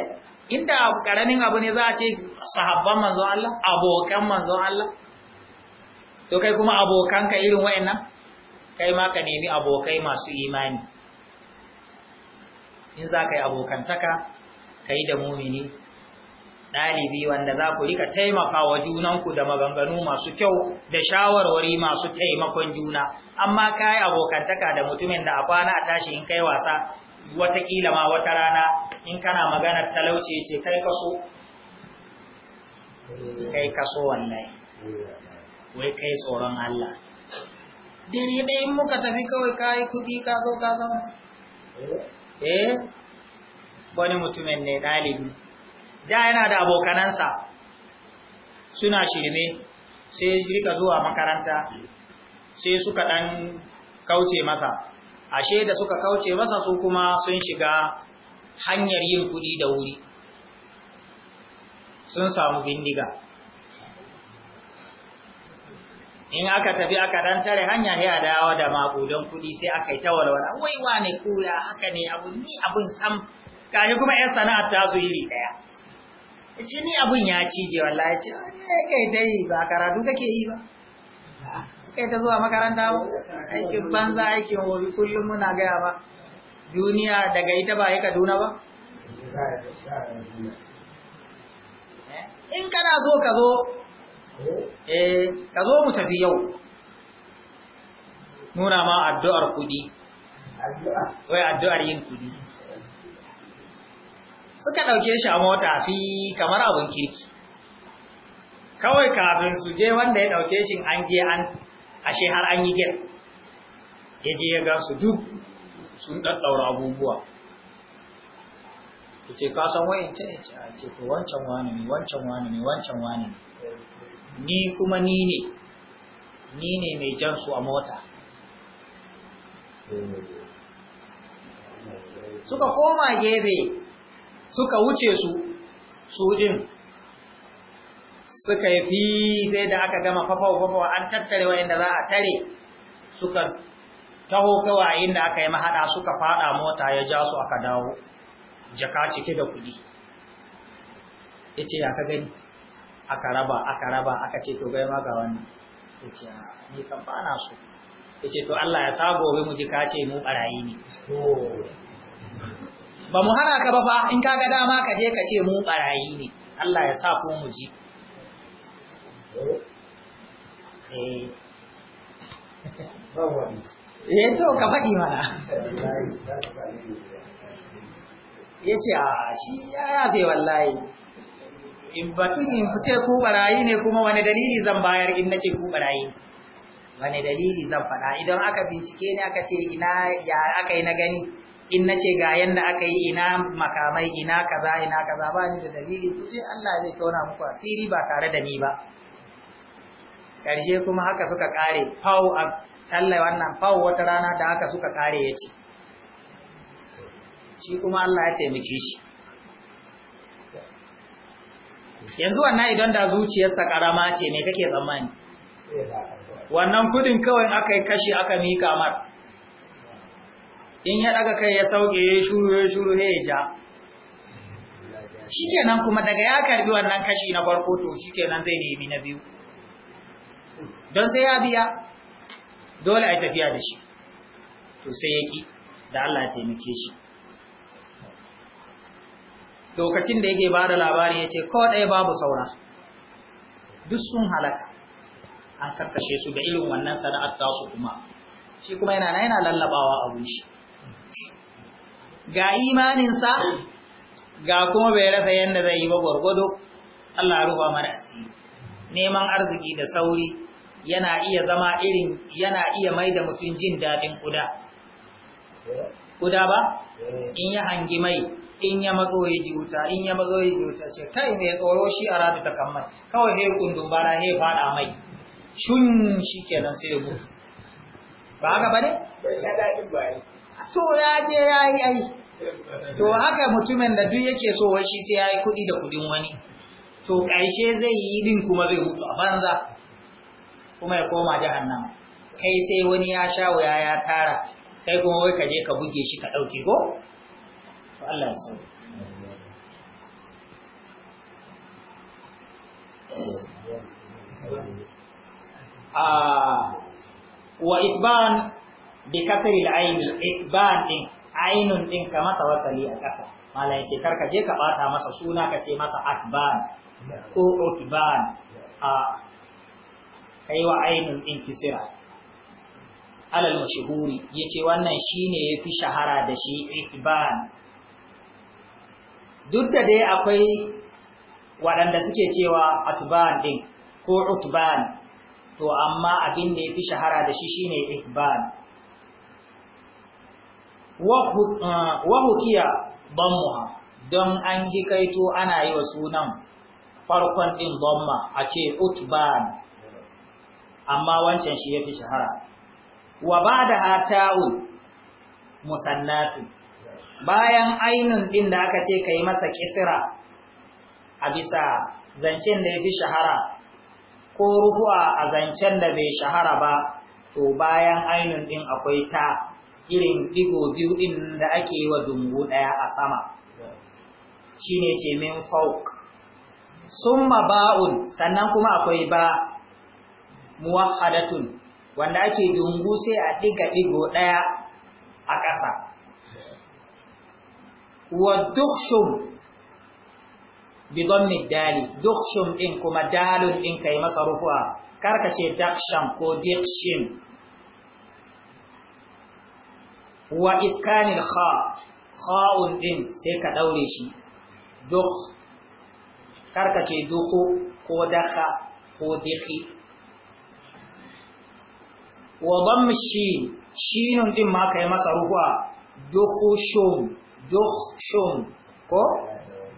inda karamin abu ne za a ce sahabban manzon Allah abokan manzon Allah to kai kuma abokanka irin wayannan kai ma ka nemi abokai masu imani in za ka yi abokantaka ka yi da mumini ɗalibi wanda za ku rika taimaka wa junanku da maganganu masu kyau da shawarwari masu taimakon juna amma ka yi abokantaka da mutumin da a kwana a tashi in kai wasa watakila ma wata rana in kana maganar talauci ce kai kaso kai kaso wallahi wai kai tsoron Allah dare in muka tafi kawai ka yi kuɗi ka zo ka zauna eh, eh? wani mutumin ne ɗalibi da yana da abokanansa suna shirme sai rika zuwa makaranta sai suka dan kauce masa ashe da suka kauce masa su kuma sun shiga hanyar yin kudi da wuri sun samu bindiga in aka tafi aka dan tare hanya sai a dawo da makudan kudi sai aka yi tawalwala wai wane kula haka ne abu ni abun sam kaje kuma yan sana'ar ta su iri daya ce ni abun ya cije wallahi ce kai dai ba karatu kake yi ba kai ta zuwa makaranta ba aikin banza aikin wuri kullum muna gaya ba duniya daga ita ba yi kaduna ba in kana zo ka zo eh ka zo mu tafi yau nuna ma addu'ar kudi wai addu'ar yin kudi suka ɗauke shi a mota fi kamar abin kirki kawai kafin su je wanda ya ɗauke shi an je an ashe har an yi gir ya je ya su duk sun ɗaɗɗaura abubuwa Ku ce kasan wayan ce ya ce a ce to wancan wani ne wancan wani ne wancan wani ne ni kuma ni ne ni ne mai su a mota suka koma gefe suka wuce su su suka yi fi sai da aka gama fafawa-fafawa an tattare wa'inda za a tare suka taho kawa inda aka yi mahaɗa suka fada mota ya ja su aka dawo jaka cike da kuɗi ya ce ya ka gani aka raba aka raba aka ce to gai maga wannan ya ce ni kan fana su ya ce to Allah ya sa gobe mu jika ce mu barayi ne oh. ba mu hana ka ba fa in ka ga dama ka je ka ce mu barayi ne Allah ya sa ko mu ji eh, <laughs> eh to ka faɗi mana ya ce a ah, shi ya yafe wallahi in batun in fice ku barayi ne kuma wani dalili zan bayar in na ce ku barayi wani dalili zan faɗa idan aka bincike ne aka ce ina ya aka yi na gani in nace ga yanda aka yi ina makamai ina kaza ina kaza ba ni da dalili ku ce Allah zai tona muku asiri ba tare da ni ba karshe kuma haka suka kare fawo a tallai wannan fawo wata rana da haka suka kare ce, shi kuma Allah ya taimake shi yanzu wannan idan da zuciyarsa karama ce me kake tsammani wannan kudin kawai aka yi kashi aka mika mar in ya daga kai ya sauke ya shuru ya shuru ya ja shikenan kuma daga ya karbi wannan kashi na farko to shikenan zai nemi na biyu don sai ya biya dole a tafiya da shi to sai ya ki da Allah ya taimake shi lokacin da yake bada labari ya ce ko ɗaya babu saura duk sun halaka an karkashe su da irin wannan sana'ar tasu kuma shi kuma yana yana lallabawa abun shi ga imaninsa ga kuma bai rasa yadda zai yi ba gwargwado Allah ruwa mana asiri neman arziki da sauri yana iya zama irin yana iya mai da mutum jin daɗin kuda kuda ba in ya hangi mai in ya ji wuta, in ya ji wuta ce kai mai tsoro shi a rabu ta kammai kawai he kundun bara he fada mai shun shi kenan sai ya gudu ba haka ba to ya je ya yi ai to haka mutumin da duk yake so wai shi sai ya yi kuɗi da kuɗin wani to ƙarshe zai yi din kuma zai hutu a banza kuma ya koma nan, kai sai wani ya sha wuya ya tara kai kuma wai ka je ka buge shi ka ɗauke ko to Allah ya ah, wa ikban bi kasri al-ayn ikban din aynun din ka masa wasali a kasa malai ce karka je ka bata masa suna ka ce masa akban ko ukban a kai wa aynun din kisira alal mashhuri yace wannan shine yafi shahara da shi ikban duk da dai akwai waɗanda suke cewa atban din ko utban to amma abin da yafi shahara da shi shine ikban Uh, wahukiya dammuha don an kaito ana yi wa sunan farkon ɗin damma a ce utban amma wancan shi ya fi shahara wa ba da hata'ul musannatu bayan ainun ɗin da aka ce ka yi masa kisira a bisa zancen da ya fi shahara ko ruhuwa a zancen da bai shahara ba to bayan ainun ɗin akwai ta irin digo biyu din da ake yi wa dungu ɗaya a sama shine ne ce min sun ba'un sannan kuma akwai ba muwahadatun wanda ake dungu sai a ɗiga digo ɗaya a ƙasa wa dukshun bidon midali dukshun ɗin kuma dalun ɗin kai masa karka ce dakshan ko dikshin wa iskanil kha kha'un din sai ka daure shi duk karkace duhu ko dakha ko dikhi wa shi, shinun din ma kai masa ruwa duhu shum duk shum ko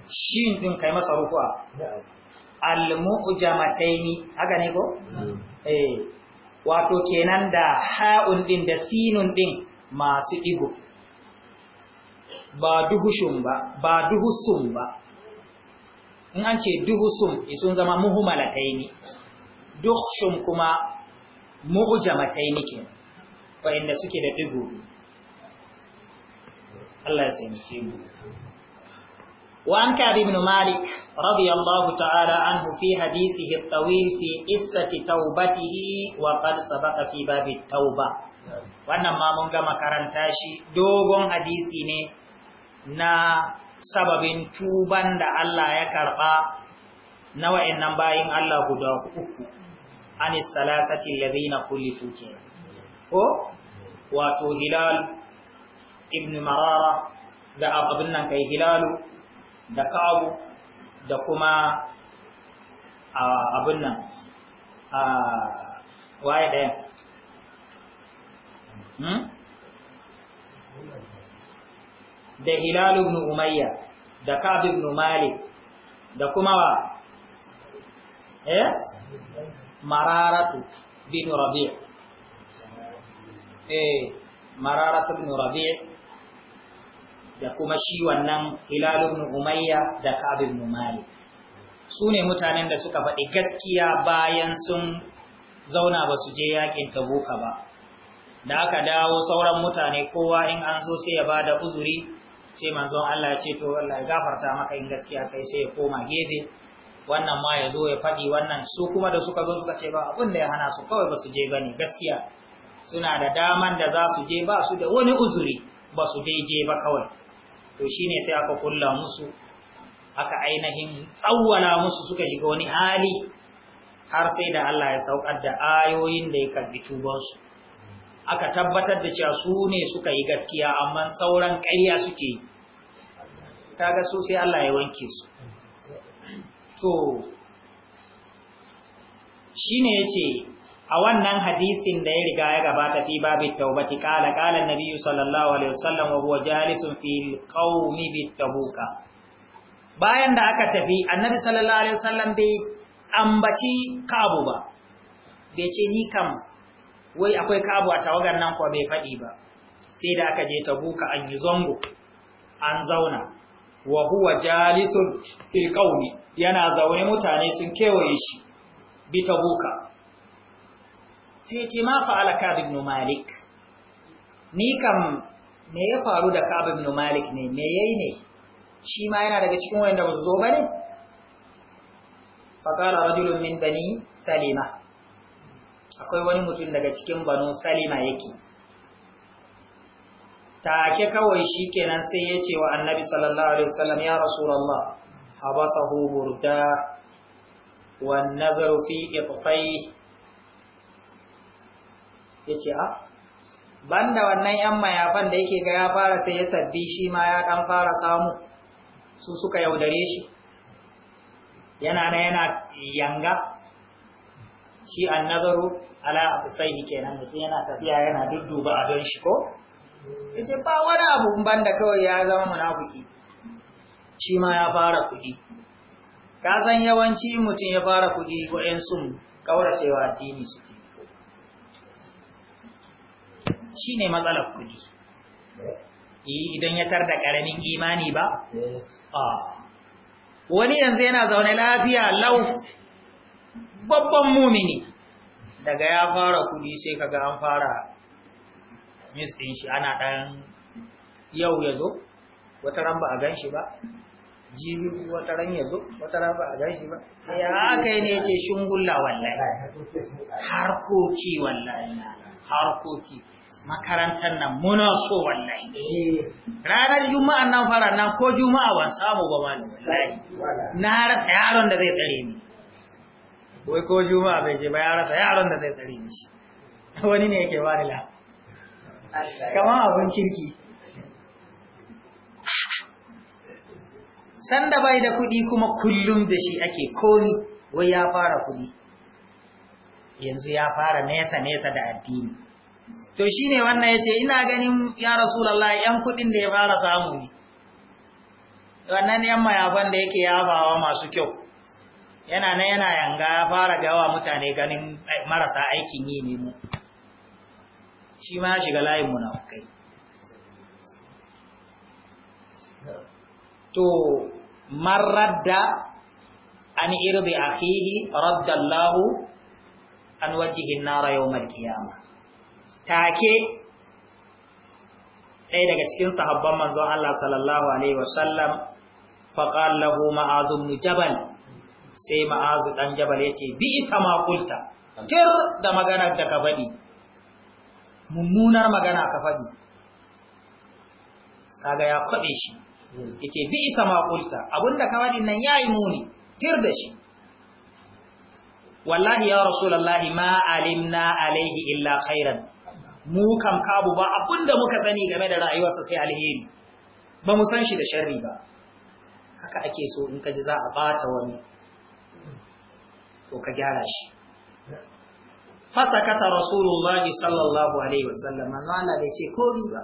shin din kai masa ruwa al-mu'jamataini haka ne ko hmm. eh wato kenan da ha'un din da sinun din masu ihu ba duhushun ba ba duhusun ba in an ce duhusun sun zama muhumalatai ne duhushun kuma muhujamatai ne ke wa'inda suke da duhu, Allah ya tsanke mu وعن كعب بن مالك رضي الله تعالى عنه في حديثه الطويل في قصة توبته وقد سبق في باب التوبة wannan ma mun ga makaranta shi dogon hadisi ne na sababin tuban da Allah ya karba na wa'annan bayin Allah guda uku anis salasati alladhina khulifu kenan ko wato hilal ibn marara da abin nan kai hilalu da kabu da kuma ah, abin nan ah, waye ɗaya Hmm? da hilal ibn umayya da kab ibn malik da kuma wa eh mararatu bin rabi' eh mararatu bin rabi' da kuma shi wannan hilal ibn umayya da kab ibn malik su ne mutanen da suka faɗi gaskiya bayan sun zauna ba su je yakin tabuka ba da aka dawo sauran mutane kowa in an so sai ya ba da uzuri sai manzon Allah ya ce to wallahi gafarta maka in gaskiya kai sai ya koma gefe wannan ma ya zo ya faɗi wannan su kuma da suka zo suka ce ba abin da ya hana su kawai ba su je ba ne gaskiya suna da daman da za su je ba su da wani uzuri ba su dai je ba kawai to shine sai aka kulla musu aka ainihin tsawwala musu suka shiga wani hali har sai da Allah ya saukar da ayoyin da ya karbi tubansu aka tabbatar da cewa su ne suka yi gaskiya amma sauran ƙarya suke yi kaga su sai Allah ya wanke su to shine yace a wannan hadisin da ya riga ya gabata fi babin taubati kala kala na biyu sallallahu alaihi wasallam wa huwa jalisun fil qaumi bit tabuka bayan da aka tafi annabi sallallahu alaihi wasallam bai ambaci kabu ba bai ce ni kam wai akwai kabu a tawagar nan kuwa bai faɗi ba sai da aka je ta buka, an yi zango an zauna wa huwa jalisun fil yana zaune mutane sun kewaye shi bi buka. sai ce ma fa'ala kab ibn malik ni kam me ya faru da kab ibn malik ne me yayi ne shi ma yana daga cikin wanda ba su zo bane fa qala rajulun min bani salima akwai wani mutum daga cikin banu salima yake take kawai shi kenan sai ya ce wa annabi sallallahu alaihi wasallam ya rasulallah habasahu burda wan nazaru fi iqfai yace a ah, banda wannan yan mayafan da yake ga ya fara sai ya sabbi shi ma ya dan fara samu su suka yaudare shi yana na yana yanga shi annazaru ala abusaihi kenan mutum yana tafiya yana dudduba a don shi ko yace ba wani abu ban da kawai ya zama munafiki shi ma ya fara kuɗi ka san yawanci mutum ya fara kuɗi wa'en sun kauracewa addini Shi ne matsalar kuɗi eh, idan ya tar da ƙaramin imani ba eh. ah. wani yanzu yana zaune lafiya lau babban mumini daga ya fara kudi sai kaga an fara mis din shi ana dan yau ya zo wata ran ba a gan shi ba jibi wata ran ya zo wata ran ba a gan shi ba sai haka ne yace shungulla wallahi harkoki wallahi harkoki makarantar nan muna so wallahi ranar juma'a nan fara nan ko juma'a ban samu ba ma wallahi na rasa yaron da zai tsare ni wai ko juma'a bai je ba ya rasa yaron da zai tsare mishi wani ne yake ba ni la kamar abin kirki sanda bai da kuɗi kuma kullum da shi ake komi wai ya fara kuɗi yanzu ya fara nesa-nesa da addini to shi ne wannan ya ce ina ganin ya rasulallah yan kuɗin da ya fara samu ne wannan yan yaban da yake yabawa masu kyau yana na yana yanga ya fara gawa mutane ganin marasa aikin yi ne mu shi ma shiga layin munafukai to maradda an irdi akhihi raddallahu an an-nara yawm al-qiyamah take ɗaya daga cikin sahabban manzon Allah sallallahu alaihi wasallam faqala lahu ma'adh ibn jabal sai ma'azu dan jabal ya ce bi ita ma kulta kir da maganar da ka faɗi mummunar magana ka faɗi kaga ya kwaɓe shi ya ce bi ita ma kulta abinda ka faɗi nan ya yi muni kir da shi wallahi ya rasulallahi ma alimna alaihi illa khairan mu kam kabu ba abinda muka sani game da rayuwarsa sai alheri ba mu san shi da sharri ba haka ake so in ka ji za a bata wani to ka gyara shi fasakata rasulullah sallallahu alaihi wasallam Allah bai ce komi ba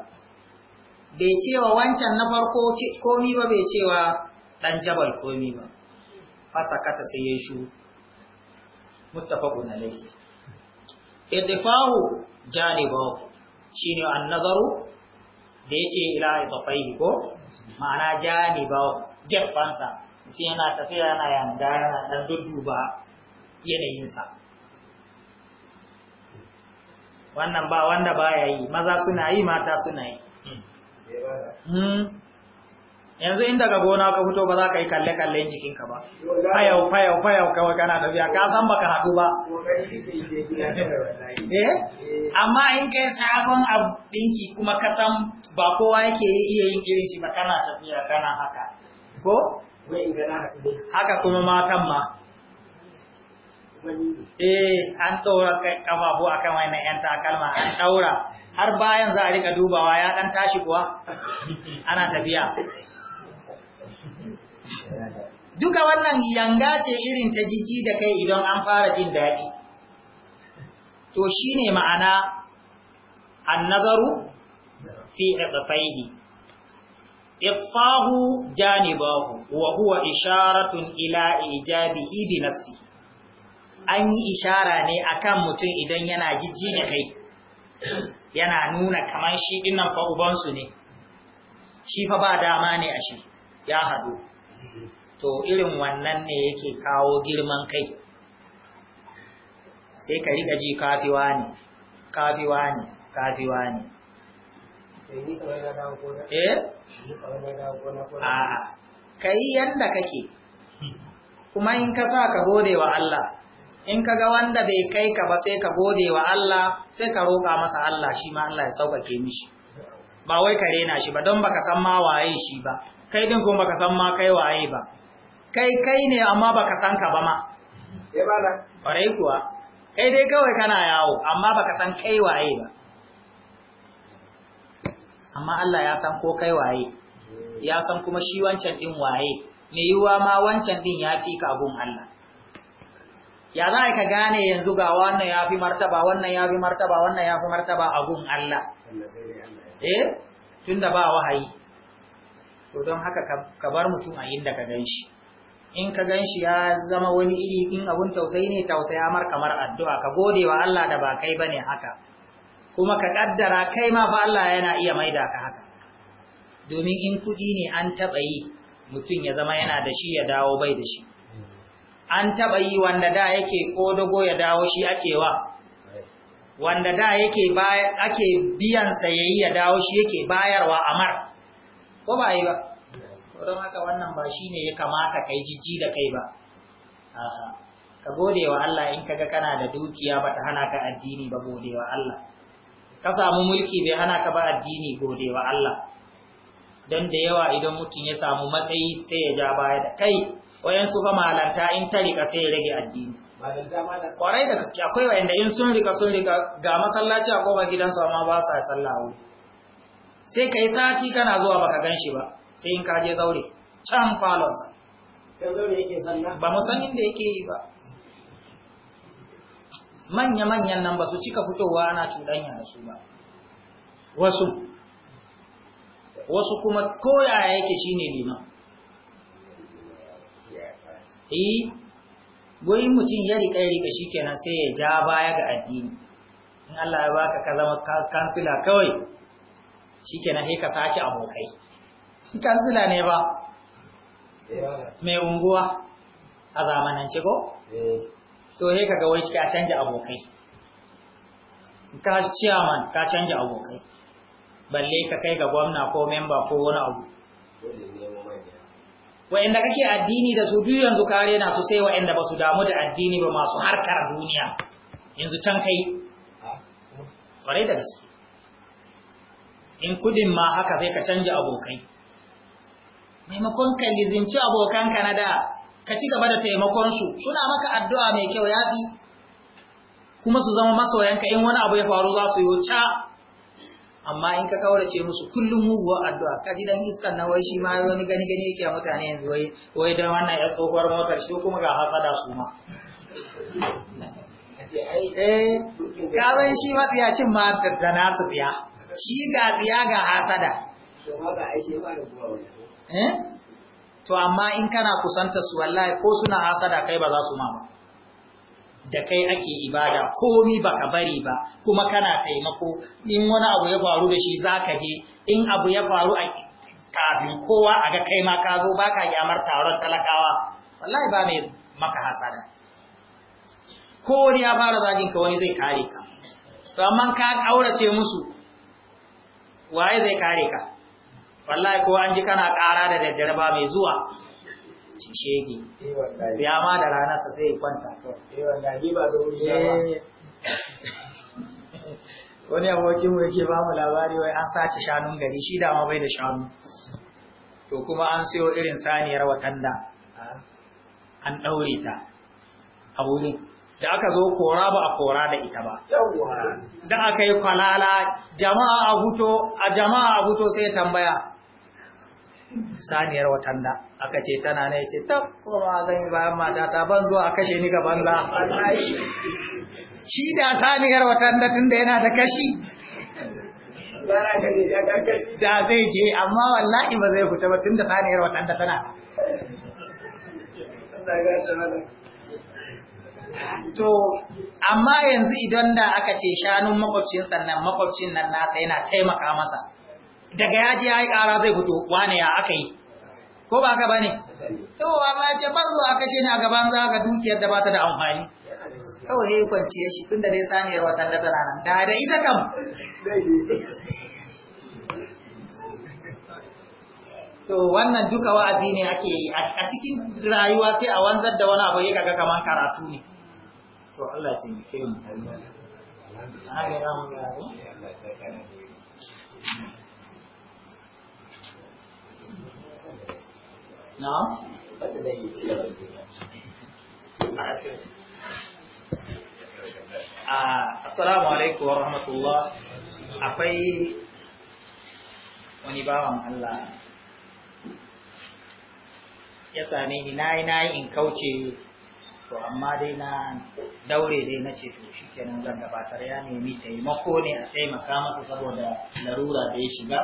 bai cewa wancan na farko komi ba bai cewa dan jabal komi ba fasakata sai ya shu muttafaqun alaihi idfahu janibahu shine an-nazaru da yake ila idafaihi ko ma'ana janibahu gefansa mutum yana tafiya yana yanda yana dan dudduba yanayinsa wannan ba wanda baya yi maza suna yi mata suna yi hmm. yanzu inda ka gona ka fito ba za ka yi kalle kalle jikinka ba fayau fayau fayau kawai kana tafiya ka san baka haɗu ba eh amma in kai sabon abinki kuma ka san ba kowa yake iya yin irin shi ba kana tafiya kana haka ko haka kuma matan ma eh an ɗaura kafafu akan wannan yan takalma an ɗaura har bayan za a rika dubawa ya ɗan tashi kuwa ana tafiya duka wannan yanga ce irin ta jiji da kai idan an fara jin daɗi to shine ma'ana annazaru fi iqfaihi iqfahu janibahu wa huwa isharatun ila ijabihi bi nafsihi an yi ishara ne akan mutum idan yana jijji da kai yana nuna kaman shi dinnan fa ubansu ne shi fa ba dama ne a shi ya haɗu to irin wannan ne yake kawo girman kai sai ka riƙa ji kafiwa ne kafiwa ne kafiwa ne Ka yi eh? kai yanda kake kuma in ka sa ka gode wa Allah in ka ga wanda bai kai ka ba sai ka gode wa Allah sai ka roƙa masa Allah shi ma Allah ya sauƙaƙe mishi ba wai ka rena shi ba don baka san ma waye shi ba kai din kuma baka san ma kai waye ba kai kai ne amma baka san ka ba ma eh ƙwarai kuwa kai dai kawai kana yawo amma baka san kai waye ba amma Allah ya san ko kai waye ya san kuma shi wancan din waye me yiwuwa ma wancan din ya fi ka gun Allah ya za ka gane yanzu ga wannan ya fi martaba wannan ya fi martaba wannan ya fi martaba a gun Allah eh tun da ba wahayi to don haka ka bar mutum a inda ka gan shi in ka gan shi ya zama wani iri in abun tausayi ne tausaya mar kamar addu'a ka gode wa Allah da ba kai bane haka kuma ka ƙaddara kai ma fa Allah yana iya maida ka haka domin in kuɗi ne an taɓa yi mutum ya zama yana da shi ya dawo bai da shi an taɓa yi wanda da yake kodogo ya dawo shi ake wa wanda da yake ake biyan sayayi ya dawo shi yake bayarwa amar ko ba yi ba don haka wannan ba shi ne ya kamata kai jijji da kai ba ka gode wa Allah in kaga kana da dukiya ba ta hana ka addini ba gode wa Allah ka samu mulki bai hana ka ba addini gode wa Allah don da yawa idan mutum ya samu matsayi sai ya ja baya da kai wayansu fa malanta in ta rika sai rage addini kwarai da gaske akwai wayanda in sun rika sun rika ga masallaci a kofar gidansu amma ba sa sallah wuri sai kai sati kana zuwa baka ganshi ba sai in kaje zaure can falonsa ba mu san inda yake yi ba manya-manyan nan ba su cika fitowa ana cuɗanya da su ba wasu wasu kuma koyaya yake shine liman eh wai mutum ya rika ya rika shikenan sai ya ja baya ga addini in Allah ya baka ka zama kansila kawai shikenan sai ka sake abokai kansila ne ba mai unguwa a zamanance ko eh. to sai ga wai ka canja abokai ka ciyaman ka canja abokai balle ka kai ga gwamna ko memba ko wani abu wa'inda kake addini da su duk yanzu kare na su sai wa'inda ba su damu da addini ba masu harkar duniya yanzu can kai kwarai da gaske in kudin ma haka sai ka canja abokai maimakon ka lizinci abokanka na da ka ci gaba da taimakon su, suna maka addu'a mai kyau yafi kuma su zama masoyanka in wani abu ya faru za su yi ca amma in ka kaurace musu kullum muguwar addu'a ka ji dan iskan na wai shi ma wani gani gani yake mutane yanzu wai wai dan wannan ya tsohuwar motar shi kuma ga hasada su ma eh kaban shi cin ma da nasu tsiya shi ga tsiya ga hasada eh? to amma in kana kusanta su wallahi ko suna hasada kai ba za su ma ba da kai ake ibada komi baka bari ba kuma kana taimako in wani abu ya faru da shi zaka je in abu ya faru a kafin kowa a ga kai ma ka zo baka gyamar taron talakawa wallahi ba mai maka hasada ko wani ya fara zagin ka wani zai kare ka to amma ka kaurace musu waye zai kare ka wallahi ko an ji kana kara da daddare ba mai zuwa shege ya ma da ranar sa sai ya kwanta eh, eh. <laughs> wani abokin mu yake ba mu labari wai an sace shanun gari shi dama bai da shanu to kuma an siyo irin saniyar watanda ah. an ɗaure ta a wurin da aka zo kora ba a kora da ita ba da aka yi kwalala jama'a a huto a jama'a a huto sai tambaya saniyar watanda aka ce tana ne ce tab kuma zan yi bayan ta ban zuwa a kashe ni gaban za shi da saniyar watan da tun da yana da kashi da zai je amma wallahi ba zai fita ba tun da saniyar watan da tana to amma yanzu idan da aka ce shanun makwabcin sannan makwabcin nan nasa yana taimaka masa daga yaji ya yi kara zai fito wane ya aka yi ko ba ka bane to amma ce barzo a kashe ne a gaban za ga dukiyar da bata da amfani kawai yayi kwanciye shi tunda dai saniyar watan da tana nan da da ita kam to wannan duka wa'azi ne ake yi a cikin rayuwa sai a wanzar da wani abu ya kaga kaman karatu ne نعم ah, assalamu alaikum wa akwai wani bawan Allah ya same ni nayi nayi in kauce to amma dai na daure dai na ce to kenan zan gabatar ya nemi taimako ne a taimaka masa saboda larura da ya shiga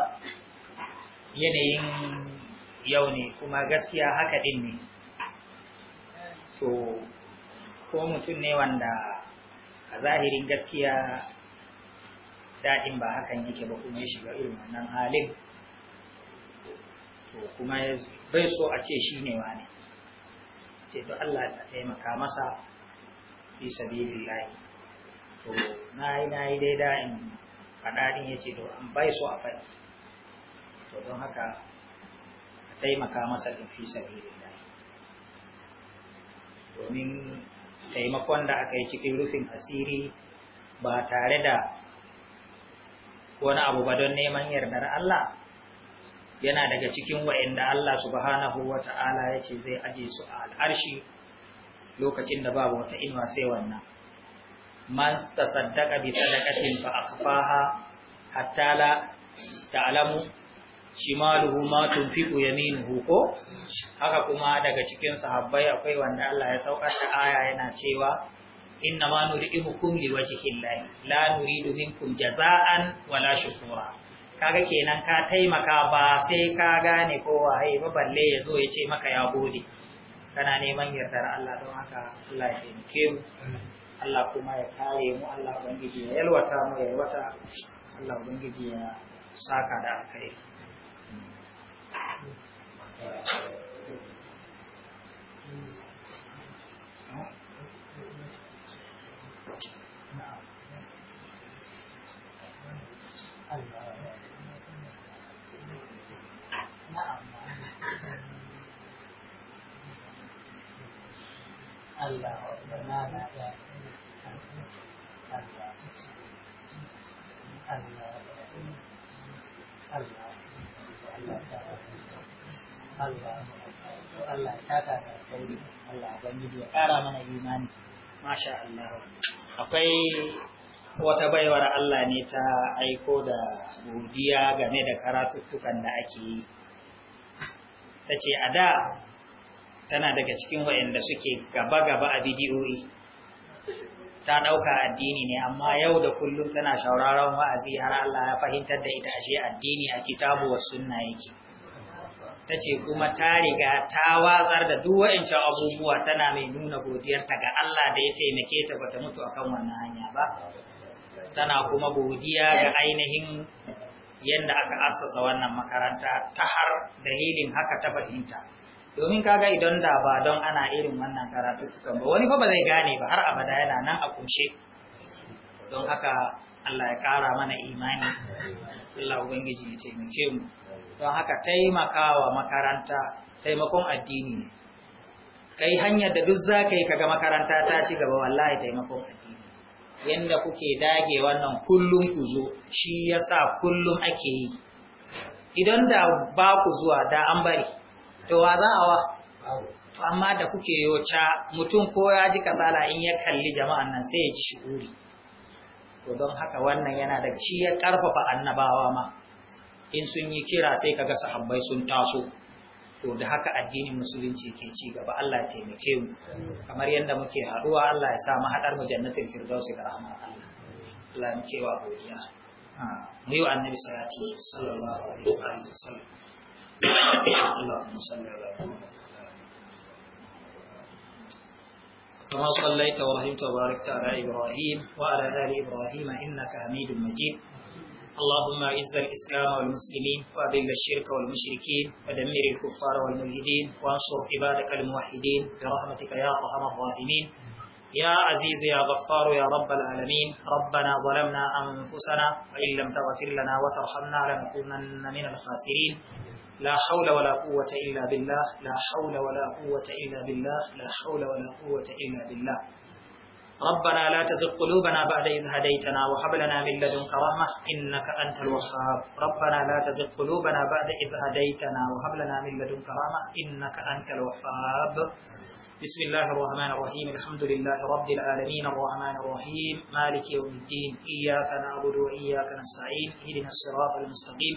yanayin yau ne kuma gaskiya haka ɗin ne to ko mutum ne wanda a zahirin gaskiya daɗin ba hakan yake ba kuma ya shiga irin wannan halin to kuma bai so a ce shi ne wane ce to Allah ya taimaka masa fi sabilillahi to nayi nayi dai da in faɗa ya yace to an bai so a faɗi to don haka taimaka masa da fi sabilillah domin taimakon da aka yi cikin rufin asiri ba tare da wani abu ba don neman yardar Allah yana daga cikin wa'inda Allah subhanahu wata'ala yace ya ce zai aje su a al'arshi lokacin da babu wata inuwa sai wannan. Man tasaddaka bi sadaqatin fa akhfaha hatta la ta'lamu shimaluhu ma tunfiqu yaminuhu ko haka kuma daga cikin sahabbai akwai wanda Allah ya saukar da aya yana cewa inna ma nuri'imukum liwajhillahi la nuridu minkum jaza'an wala shukura kaga kenan ka taimaka ba sai ka gane ko waye ba balle yazo ya ce maka ya gode kana neman yardar Allah don haka Allah ya taimake Allah kuma ya kare mu Allah ubangiji ya yalwata mu ya yalwata Allah ubangiji ya saka da alkhairi Allah Allah Allah ya saka mana imani masha Allah akwai wata baiwar Allah ne ta aiko da godiya game da karatuttukan da ake yi ta ce a da tana daga cikin waɗanda suke gaba-gaba a bidiyoyi ta ɗauka addini ne amma yau da kullum tana shauraron wa'azi har Allah ya fahimtar da ita ashe addini a kitabu wa sunna yake ta ce kuma ta riga ta watsar da duk wa'ancan abubuwa tana mai nuna godiyarta ga Allah da ya taimake ta bata mutu akan wannan hanya ba tana kuma godiya ga ainihin yanda aka assasa wannan makaranta ta har dalilin haka ta fahimta domin kaga idan da ba don ana irin wannan karatu sukan ba wani fa ba zai gane ba har abada yana nan a kunshe don haka Allah ya kara mana imani Allah ubangiji ya taimake mu don haka taimakawa makaranta taimakon addini ne kai hanyar da duk za ka yi kaga makaranta ta ci gaba wallahi taimakon addini yadda kuke dage wannan kullum ku zo shi ya sa kullum ake yi idan da ba ku zuwa da an bari to wa za a wa to amma da kuke yoca mutum ko ya ji tsala in ya kalli jama'an nan sai ya ji shi'uri to don haka wannan yana da shi ya karfafa annabawa ma in sun yi kira sai kaga sahabbai sun taso to da haka addinin musulunci ke ci gaba Allah ya taimake mu kamar yadda muke haduwa Allah ya sa mu hadar mu jannatin firdausi da rahmar Allah Allah ya cewa godiya mu yi annabi salati sallallahu alaihi wa sallam اللهم صل على محمد كما صليت ورحمت وباركت على إبراهيم وعلى آل إبراهيم إنك حميد مجيد اللهم اعز الاسلام والمسلمين واذل الشرك والمشركين ودمر الكفار والملحدين وانصر عبادك الموحدين برحمتك يا ارحم الراحمين يا عزيز يا غفار يا رب العالمين ربنا ظلمنا انفسنا وان لم تغفر لنا وترحمنا لنكونن من الخاسرين لا حول ولا قوه الا بالله لا حول ولا قوه الا بالله لا حول ولا قوه الا بالله ربنا لا تزغ قلوبنا بعد إذ هديتنا وهب لنا من لدنك رحمة إنك أنت الوهاب ربنا لا تزغ قلوبنا بعد إذ هديتنا وهب لنا من لدنك رحمة إنك أنت الوهاب بسم الله الرحمن الرحيم الحمد لله رب العالمين الرحمن الرحيم مالك يوم الدين إياك نعبد وإياك نستعين اهدنا الصراط المستقيم